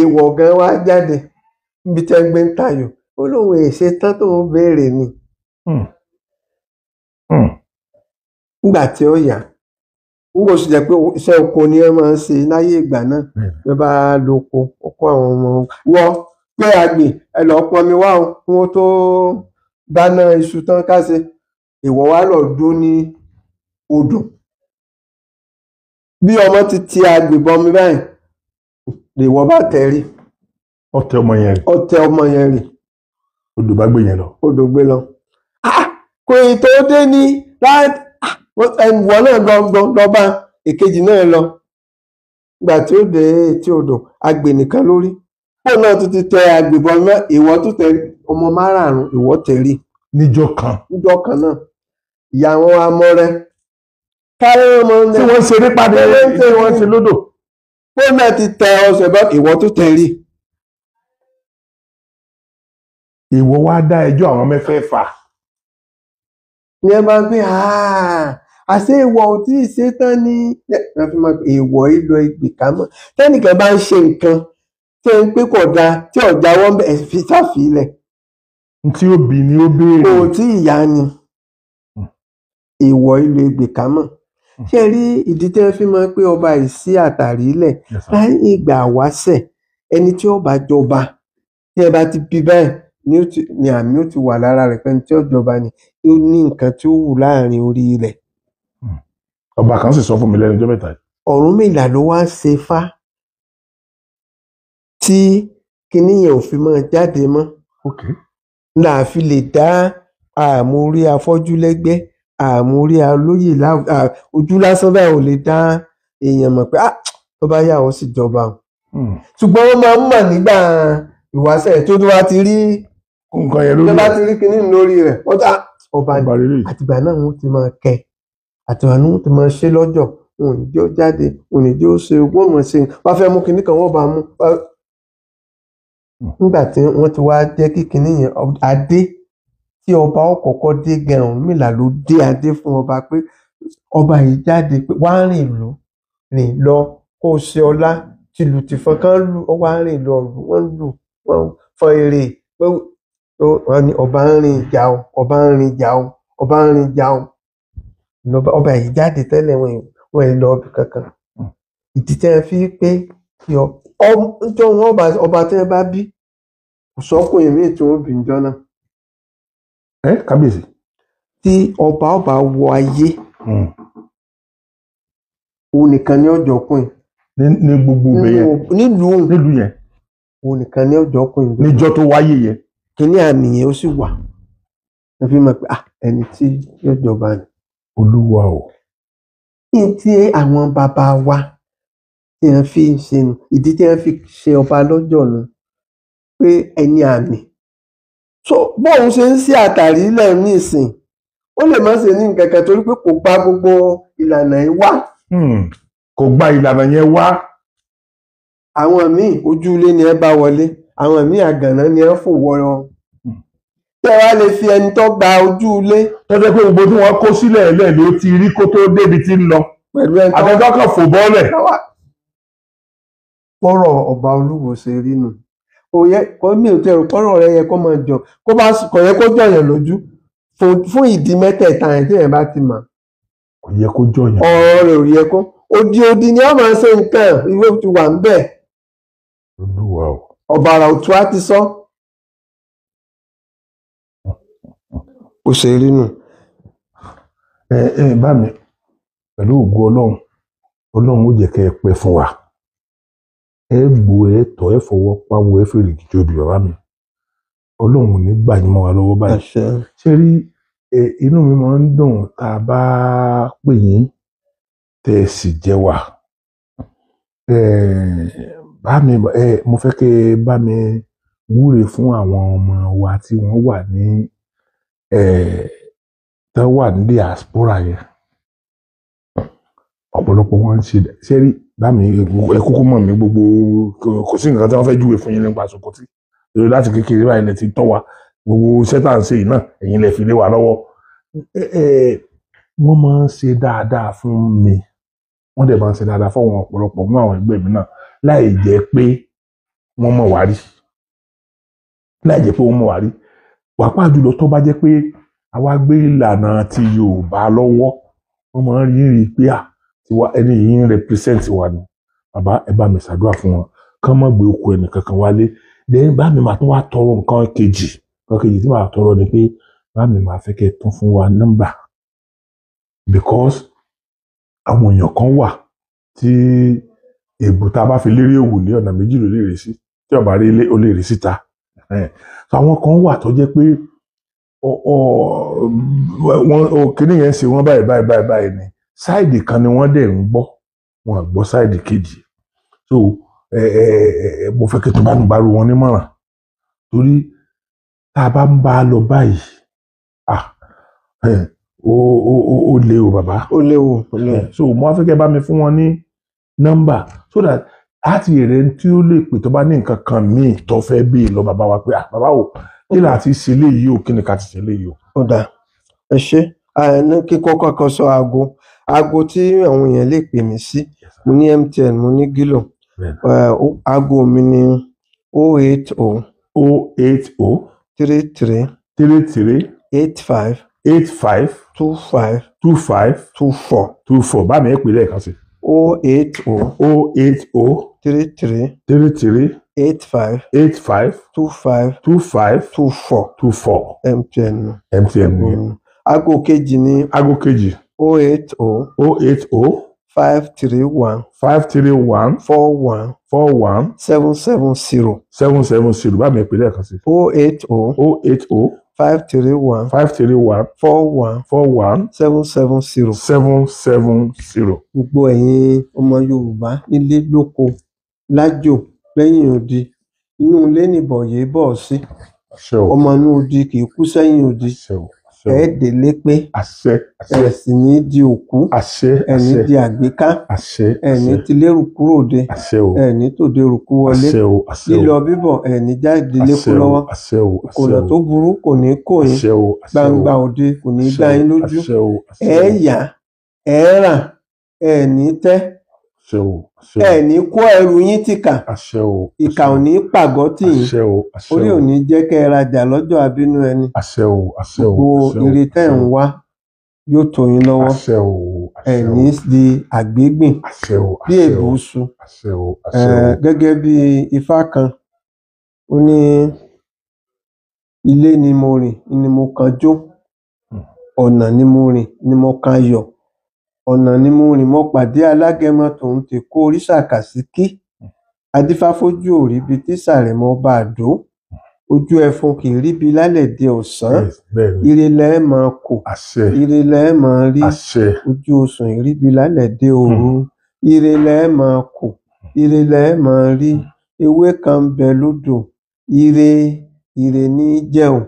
Hmm. Hmm. nígbà tí ó nígbà oṣù jẹ́ pé iṣẹ́ oko ni wọ́n máa ń ṣe láyé ìgbà náà bí wọ́n bá lóko ó kó àwọn ọmọ wọ pé àgbẹ̀ ẹ lọ pọnmi wá o kí wọ́n tó dáná iṣu tán ká ṣe ìwọ wá lọ dúró ní odò bí ọmọ ti ti àgbẹ̀ bọmi báyìí lèwọ bá tẹ rí ọtẹ ọmọ yẹn rí ọtẹ ọmọ yẹn rí odò bá gbé yẹn lọ odò gbé lọ ah kò ì tó dé ní láti wọ́n náà lọ́ba èkejì náà lọ ìgbà tí ó dé etí odò agbè nìkan lórí fóònù náà tún ti tẹ agbèbọn náà ìwọ tún tẹ ọmọ márààrún ìwọ tẹ rí. níjọ kan. níjọ kan náà ìyá àwọn amọrẹ káyọ̀ ọmọ ní. tí wọ́n ṣeré padà ẹ̀ tí wọ́n ṣe lódò. fóònù náà ti tẹ ọsẹ̀ bá ìwọ tún tẹ rí. ìwọ wá dá ẹjọ́ àwọn mẹ́fẹ̀ẹ̀fà. ní ẹ bá gbé àá àṣé èèwọ̀ ò tí ì ṣe tán ni wọ́n fi máa pe èèwọ̀ ìlọ ìgbè ká mọ̀ tẹ́nìkan bá ń ṣe nǹkan tí ẹ ń pé kò dáa tí ọ̀já wọ́n bẹ̀ fi sáfìlẹ̀. tí ó bì ni ó béèrè. kò tí ì yá ni èèwọ̀ ìlọ ìgbè ká ṣe rí ìdí tí fi máa pé ọba ìsí àtàrí ilẹ̀ láì ìgbà wáṣẹ̀ ẹni tí ọba jọba tí ẹ bá ti bí báyìí ni àmì ó ti wà lára rẹ̀ pé ẹni tí ó ni ó ní nǹkan tí ó wù láàrin orí rẹ̀ ọba kan sì sọ fún mi lẹ́nu ọjọ́ mẹ́ta yìí. Ọ̀rúnmìlà ló wá ń ṣe fá tí kinní yẹn ò fi máa jáde mọ́ là á fi lè dá àmúrí afọ́jú lẹ́gbẹ́ àmúrí alóyè ojú lásán báyìí ò lè dá èèyàn mọ̀ pé ah, tó bá yà wọ́n sì jọba o hmm. ṣùgbọ́n wọ́n máa ń mọ̀ nígbà ìwáṣẹ̀ tó tó bá ti rí nǹkan yẹn lórí rẹ̀ tó bá ti rí kinní lórí rẹ̀ ah, ọba àtìgbà náà wọ́n ti máa kẹ́ ẹ àtìmọ́nú tó máa ṣe lọ́jọ́ wọn ò ní jẹ́ ó jáde wọn ò ní jẹ́ ó ṣe ogún ọ̀mọ̀ ṣe wọ́n fẹ́ mú kinní kan wọ́n bá mú. nígbà tí wọ́n ti wá jẹ́ kí kinní yẹn adé tí ọba ọ̀kọ̀ọ̀kọ̀ dé gẹ̀rùn mìlá ló dé adé fún ọba pé ọba yìí jáde pé wá rìn lọ rìn lọ kó o ṣe ọlá tìlù tìfọn kan lù ọ wá rìn lọ wọ́n lù wọ́n fọn èrè pé wọ́n ní ọba ń rìn ìjà o ọba ń rìn ìjà o ọba ń rìn ìjà o lọba ọba yìí jáde tẹ́lẹ̀ wọn wọn kankan hmm. ìtìtẹ́ fi pé kí ọ ọba tẹ́ bá bí kò tí wọ́n jọ náà. ẹ kábíyèsí. tí ọba ọba wọ ayé hmm. òun nìkan ní ọjọ́ kùn. ní gbogbo ibẹ̀ yẹn tó wáyé yẹn. kíní àmì yẹn ó sì wà. ẹ fi mọ̀ pé ah, ẹni tí yóò olúwa o. tí àwọn bàbá wa tí wọ́n fi ń ṣe nu ìdí tí wọ́n fi ṣe ọba lọ́jọ́ nu pé ẹni àmì so bóun ṣe ń ṣe àtàrí lẹ́yìn nísìn ó lè má ṣe ní nǹkan kan torí pé kò gba gbogbo ìlànà yìí wá. Hmm, kò gba ìlànà yẹn wá. àwọn míì ojú ilé ni ẹ bá wọlé àwọn míì àgànná ni ẹ fò wọ tẹ́ wá lè fi ẹni tó gba ojú ilé. tọ́jú pé gbogbo tí wọ́n kó sílẹ̀ ẹ̀lẹ́ ló ti rí kó tó débi tí ń lọ àtẹ̀jọ́ kan fò bọ́ọ̀lẹ̀. pọ́rọ̀ ọba olúwo ṣe rí nù kò yẹ kó mi ò tẹrù pọ́rọ̀ rẹ yẹ kó máa jọ kó bá kò yẹ kó jọyàn lójú fún ìdí mẹ́tẹ̀ẹ̀ta yẹn téèyàn bá ti mọ̀. kò yẹ kó jọyàn. ọ̀rọ̀ rẹ̀ ò yẹ kó odi odi ni a máa ṣe nǹkan ìwé ti wà ń bẹ̀. olúwa o. ó ṣe rí nù ẹ ẹ bá mi pẹ̀lú ògo ọlọ́run ọlọ́run ó jẹ́ kẹ́ ẹ pẹ́ fún wa ẹ gbò ẹ tọ́ ẹ fọwọ́ pawọ́ ẹ fèrè gidi obì bàbá mi ọlọ́run ò ní gbà yín mọ́ wa lọ́wọ́ báyìí ṣé rí inú mi máa ń dùn tá a bá pè yín tẹ́ ẹ sì jẹ́ wà bá mi mo fẹ́ kí ẹ bá mi wúre fún àwọn ọmọ wa tí wọ́n wà ní tán wà ní diaspora yẹn ọ̀pọ̀lọpọ̀ wọn ń ṣe sẹ́rí bámi ẹ̀kúkú mọ̀ mí gbogbo kò sí nǹkan tí wọ́n fẹ́ júwe fún yín nípa Sokoti lórí láti kékeré báyìí lè ti tọ́ wa gbogbo sẹ́tà ń ṣe yìí náà ẹ̀yin lè fi lé wa lọ́wọ́ wọ́n máa ń ṣe dáadáa fún mi wọ́n dẹ̀ máa ń ṣe dáadáa fún àwọn ọ̀pọ̀lọpọ̀ mú àwọn ẹgbẹ́ mi náà láì jẹ́ pé wọ́n mọ̀ wá láì jẹ́ pé wọ́n mọ̀ wá pàápàá jùlọ tó bá jẹ́ pé àwa gbé ìlànà ti Yorùbá lọ́wọ́ wọ́n máa ń rí rí pé à tiwa ẹni yìí ń represent wa ni bàbá ẹ bá mi ṣàdúrà fún wọn kán mọ̀ gbé okùn ẹnì kankan wálé lẹ́yìn bá mi máa tún wá tọrọ nǹkan kejì nǹkan kejì tí màá tọrọ ni pé bá mi máa fẹ́ kẹ́ tún fún wa nọ́mbà because àwọn èèyàn kan wà tí èbùtà bá fi lérí òwò lé ọ̀nà méjì ló lè tí ọ̀bà rí olè rí síta àwọn kan wà tó jẹ́ pé wọn kíní yẹn ṣe wọn báyìí báyìí báyìí báyìí ni sáìdì kan ni wọ́n dẹ̀ ń gbọ́ wọn gbọ́ sáìdì kejì so mo fẹ́ kí tó bá ń gbaru wọn nímọ̀ràn torí tá a bá ń bá a lọ báyìí ah o o o le o bàbá. o le o o le. so mo á fẹ́ kẹ́ bá mi fún wọn ní nọ́mbà so that láti èrè tí ó lè pè tó bá ní nǹkan kan míì tó fẹ́ bí lọ bàbá wa pé bàbá o kí ni àti ṣe léyìí o kí ni ká ti ṣe léyìí o. ó dáa ẹ ṣe ní kíkọ́ kankan sọ aago aago tí àwọn èèyàn lè pè mí sí mo ní MTN mo ní gílò aago mi ni o oh eight o. Oh. o oh eight o. three three. three three. eight five. eight five. two five. two five. two four. two four bá mi ẹ pè lẹ́ẹ̀kan sí i o eight o o eight o three three three three eight five eight five two five two five two four two four mtn mtn ni ago kejì ni ago kejì o eight o o eight o five three one five three one four one four one seven seven zero seven seven zero báwo ni ìpínlẹ̀ kan sí. o eight o o eight o five three one five three one four one four one seven seven zero seven seven zero. gbogbo ẹ̀yin ọmọ yorùbá nílé lóko lájò lẹ́yìn odi inú ilé nìbọ̀yé bọ̀ sí ọmọ inú odi kì í kú sẹ́yìn odi ẹ délé pé àṣẹ ẹ sì ní di òkú àṣẹ ẹni di àgbéká àṣẹ ẹni ti lérò kúrò de àṣẹ o ẹni tòde rùkú wọlé àṣẹ o àṣẹ o lílọ bíbọ̀ ẹni jáde lékú lọ́wọ́ àṣẹ o àṣẹ o kòlà tó burú kò ní kò yín àṣẹ o àṣẹ o gbangba òde kò ní dá yín lójú àṣẹ o àṣẹ o ẹ yà ẹ rà ẹni tẹ. àṣẹ o ẹ ní kó ẹrù yín ti àṣẹ ìkà ò ní orí ò ní jẹ́ lọ́jọ́ abínú ẹni gbogbo ire ń wá yóò tó lọ́wọ́ di àgbégbìn bí èbùsù gẹ́gẹ́ bí ifá kan ní ilé ni mo rìn ni mo hmm. ni mo rìn ni ọnà ni mo rìn mọ pàdé alágẹmọ tòun tẹkọ òrìṣà kàsíkí adífáfójú ò ríbi tí ìsàrèmọ ọba àdó ojú ẹfun kì í ríbi lálẹdẹ ọsán ire lẹ máa kó ire lẹ máa rí ojú osùn ìríbi lálẹdẹ hmm. òru ire lẹ máa kó ire lẹ máa rí ewé kan bẹ lódò ire ire ní jẹun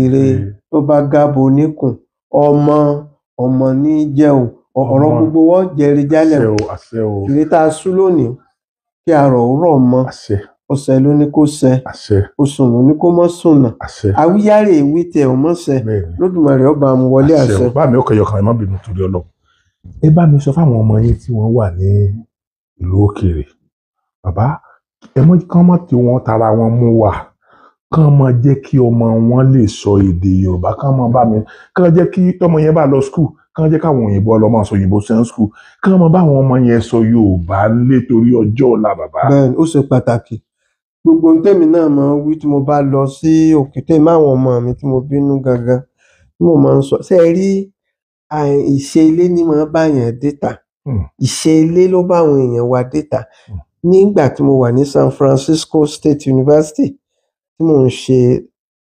ire hmm. tó bá gábo níkùn ọmọ ọmọ ní jẹun ọ̀rọ̀ gbogbo wọn jẹ̀rì jálẹ̀ ìrè tá a sú lónìí kí a rọ̀ rọ̀ mọ́ ọ̀sẹ̀ ló ní kó sẹ òsùn ló ní kó mọ́ sùn nà àwíyárè ìwé tẹ̀ ọ̀ mọ́sẹ̀ lódùmarè ọba mu wọlé àṣẹ. bá mi ọkọ̀ yọkàn ẹ má bínú torí ọlọ ẹ bá mi sọ fáwọn ọmọ yín tí wọ́n wà ní ìlú òkèèrè bàbá ẹ mọ kán mọ tí wọ́n tara wọn mú wà kán mọ jẹ́ kí ọmọ wọn lè sọ èdè yorùbá kán mọ bá mi kán jẹ́ kí tọmọ yẹn bá lọ skul kán jẹ́ káwọn òyìnbó ọlọ́mọ sọ òyìnbó sẹ́ńd skul kán mọ báwọn ọmọ yẹn sọ Yorùbá lé torí ọjọ́ ọ̀la bàbá. bẹ́ẹ̀ni ó ṣe pàtàkì gbogbo tèmi náà mọ wí tí mo bá lọ sí òkè tèmi àwọn ọmọ mi tí mo bínú gangan tí mo máa ń sọ ṣe rí ìṣe ilé ni mo bá yàn dẹ́ta hmm. ìṣe ilé ló bá àwọn èèyàn wa dẹ́ta hmm. nígbà tí mo wà ní San Francisco State University tí mò ń ṣe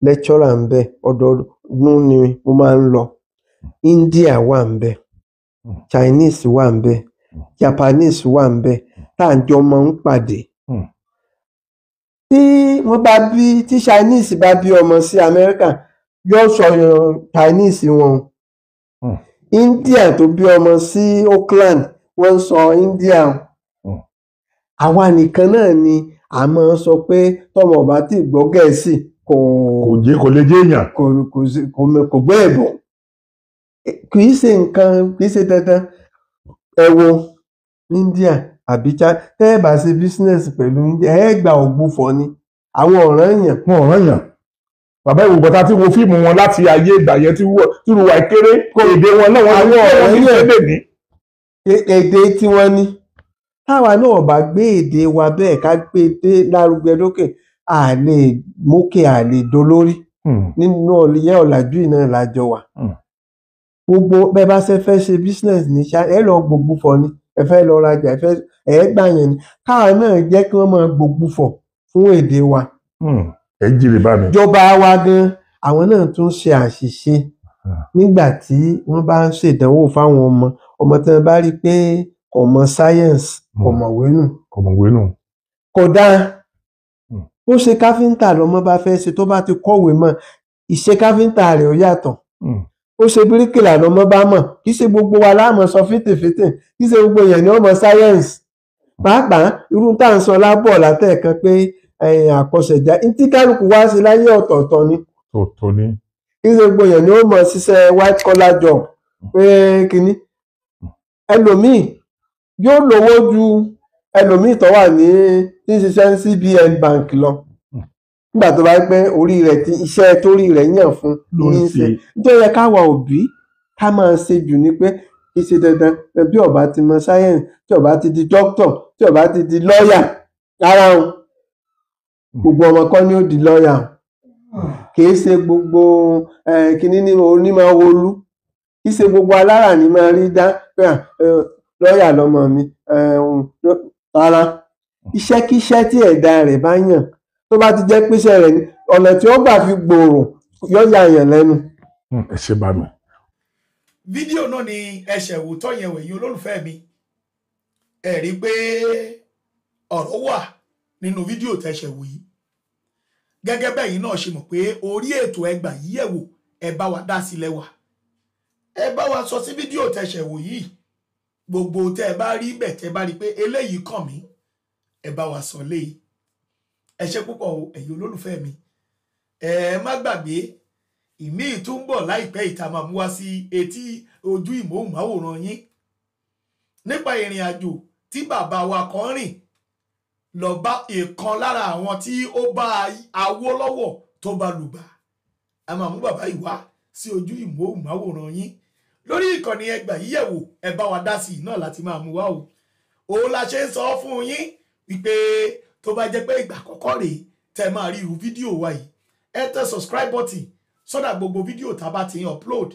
lecturer ń bẹ ọdọọdún ni mo máa ń lọ India wà ń hmm. Chinese wà ń hmm. Japanese wà ń bẹ̀ táàjọ máa ń pàdé. Hmm. Tí wọ́n bá bí tí Chinese bá bí ọmọ sí Amẹ́ríkà yóò sọ Chinese wọn India tó bí ọmọ sí Oakland wọ́n ń sọ India o. Àwa nìkan náà ni a máa ń sọ pé tọmọ ò bá tí gbọ́ Gẹ̀ẹ́sì kò. Kò jẹ́ kò lè jẹ́ èèyàn. Kò kò kò Eh, kì í ṣe nǹkan kì í ṣe dandan ẹ wo India àbí China tẹ́ bá ṣe business pẹ̀lú India ẹ̀ ẹ́ gba ògbufọ̀ ni àwọn ọ̀ràn èèyàn. wọn ọ̀ràn èèyàn bàbá ìwò bọ́tà tí wo fíìmù wọn láti ayé ìgbà yẹn tí wọ́n wà kéré kó èdè wọn náà wọn àwọn ọ̀ràn èèyàn e, èdè tiwọn ni táwa náà bá gbé èdè wa bẹ́ẹ̀ ká gbé dé lárugẹ lókè à lè mókè à dolórí hmm. nínú ọ̀lẹ́yẹ ọ̀làjú ìnáà lájọ wà. Hmm gbogbo bẹ́ẹ̀ bá ṣe fẹ́ ṣe business ní ṣá ẹ lọ gbogbo fọ̀ ni ẹ fẹ́ lọ rajà ẹ fẹ́ ẹ gbà yẹn ni káwọn náà jẹ́ kí wọ́n máa gbogbo fọ̀ fún èdè wa. Hmm, ẹ jìrì bá mi. ìjọba wa gan àwọn náà tún ṣe àṣìṣe hmm. nígbà tí wọ́n bá ń ṣèdánwò fáwọn ọmọ ọmọ tí wọ́n bá rí i pé kò mọ science kò hmm. mọ̀wé nù. kò mọ̀wé nù. kò dáa bó ṣe káfíńtà lọmọ bá fẹ́ ṣe tó bá ti kọ̀wé mọ́ ìṣe káfíńtà rẹ̀ ó yàtọ̀ ó ṣe bíríkìlà ni ọmọ bá mọ̀ kì í ṣe gbogbo wa láàmọ̀ sọ fìtìfìtìn kì í ṣe gbogbo èèyàn ni ó mọ̀ sáyẹ́ǹsì pàápàá irú tá à ń sọ lábọ̀ látẹ̀ẹ̀kan pé eh, àkọsẹ̀já tí kálukú wá sí láyé ọ̀tọ̀ọ̀tọ̀ ni tòótọ́ ni kì í ṣe gbogbo èèyàn ni ó mọ̀ white collar job pé kínní ẹlòmíì yóò lówó ju ẹlòmíì tó wà ní tí ń CBN bank lọ nígbà tó bá pẹ́ orí rẹ̀ ti iṣẹ́ torí rẹ̀ yàn fún ló ń ṣe nítorí yẹ káwa òbí ká máa ṣe jù ni pé ìṣe dandan bí ọba ti mọ sáyẹ̀nsì tí ọba ti di dókítọ̀ tí ọba ti di lọ́ọ̀yà rárá o gbogbo ọmọ kan ni ó di lọ́ọ̀yà o kìí ṣe gbogbo kìíní ní onímọ̀ olú kìí ṣe gbogbo alára ni máa rí dá lọ́ọ̀yà lọ́mọ mi rárá iṣẹ́kíṣẹ́ tí ẹ̀dá rẹ̀ bá yàn tó bá ti jẹ́ píṣẹ́ rẹ̀ ni ọ̀nà tí ó gbà fi gbòòrò yọ ya èèyàn lẹ́nu. Hmm, ẹ ṣe bá mi. fídíò náà ni ẹsẹ̀ ìwòtọ́ yẹn wẹ̀yìn olólùfẹ́ mi ẹ rí i pé ọ̀rọ̀ wà nínú fídíò tẹ̀sẹ̀ wò yìí gẹ́gẹ́ bẹ́yìn náà ṣe mọ̀ pé orí ètò ẹgbà yìí ẹ̀wò ẹ bá wa dá sílẹ̀ wà ẹ bá wa sọ sí fídíò tẹ̀sẹ̀ wò yìí gbogbo tẹ́ ẹ bá rí bẹ̀ tẹ́ bá rí pé eléyìí kàn mí ẹ bá wa sọ léyìí ẹ ṣe púpọ̀ o ẹ̀yin olólùfẹ́ mi ẹ má gbàgbé ìmí ìtúnbọ̀ láìpẹ́ ìta máa mú wá sí etí ojú ìmọ̀ọ́mọ̀wòrán yín nípa ìrìn àjò tí bàbá wa kan rìn lọ bá ìkan lára àwọn tí ó bá Awólọ́wọ̀ tó bá lùgbà a máa mú bàbá yìí wá sí ojú ìmọ̀ọ́mọ̀wòrán yín lórí ìkànnì ẹgbà yíyẹ̀wò ẹ bá wa dá sí i náà láti máa mú wá o òun la ṣe ń sọ fún yín wípé tó bá jẹ́ pé ìgbà àkọ́kọ́ rèé tẹ́ máa rí irú fídíò wa yìí ẹ tẹ subscribe button sọ́dà gbogbo fídíò tá a bá ti ń upload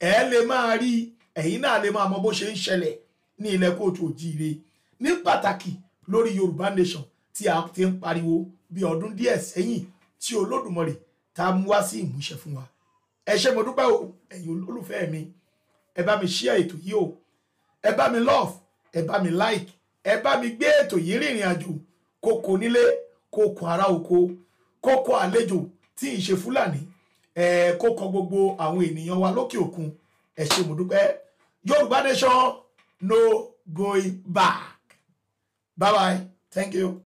ẹ lè máa rí ẹ̀yin náà lè máa mọ bó ṣe ń ṣẹlẹ̀ ní ilẹ̀ kóòtù òjíire ní pàtàkì lórí Yorùbá Nation tí a ti ń pariwo bí ọdún díẹ̀ sẹ́yìn tí Olódùmarè tá a mú wá sí ìmúṣẹ fún wa ẹ ṣé mo dúpẹ́ o ẹ̀yin olólùfẹ́ mi ẹ bá mi share ètò yìí o ẹ bá mi love ẹ bá mi like ẹ bá mi gbé ètò yìí rìnrìn àjò kókó nílé kókó ará oko kókó àlejò tí ì ṣe fúlàní kókó gbogbo àwọn ènìyàn wa lókè òkun ẹ ṣé mo dúpẹ́ yorùbá nation no going back bye bye thank you.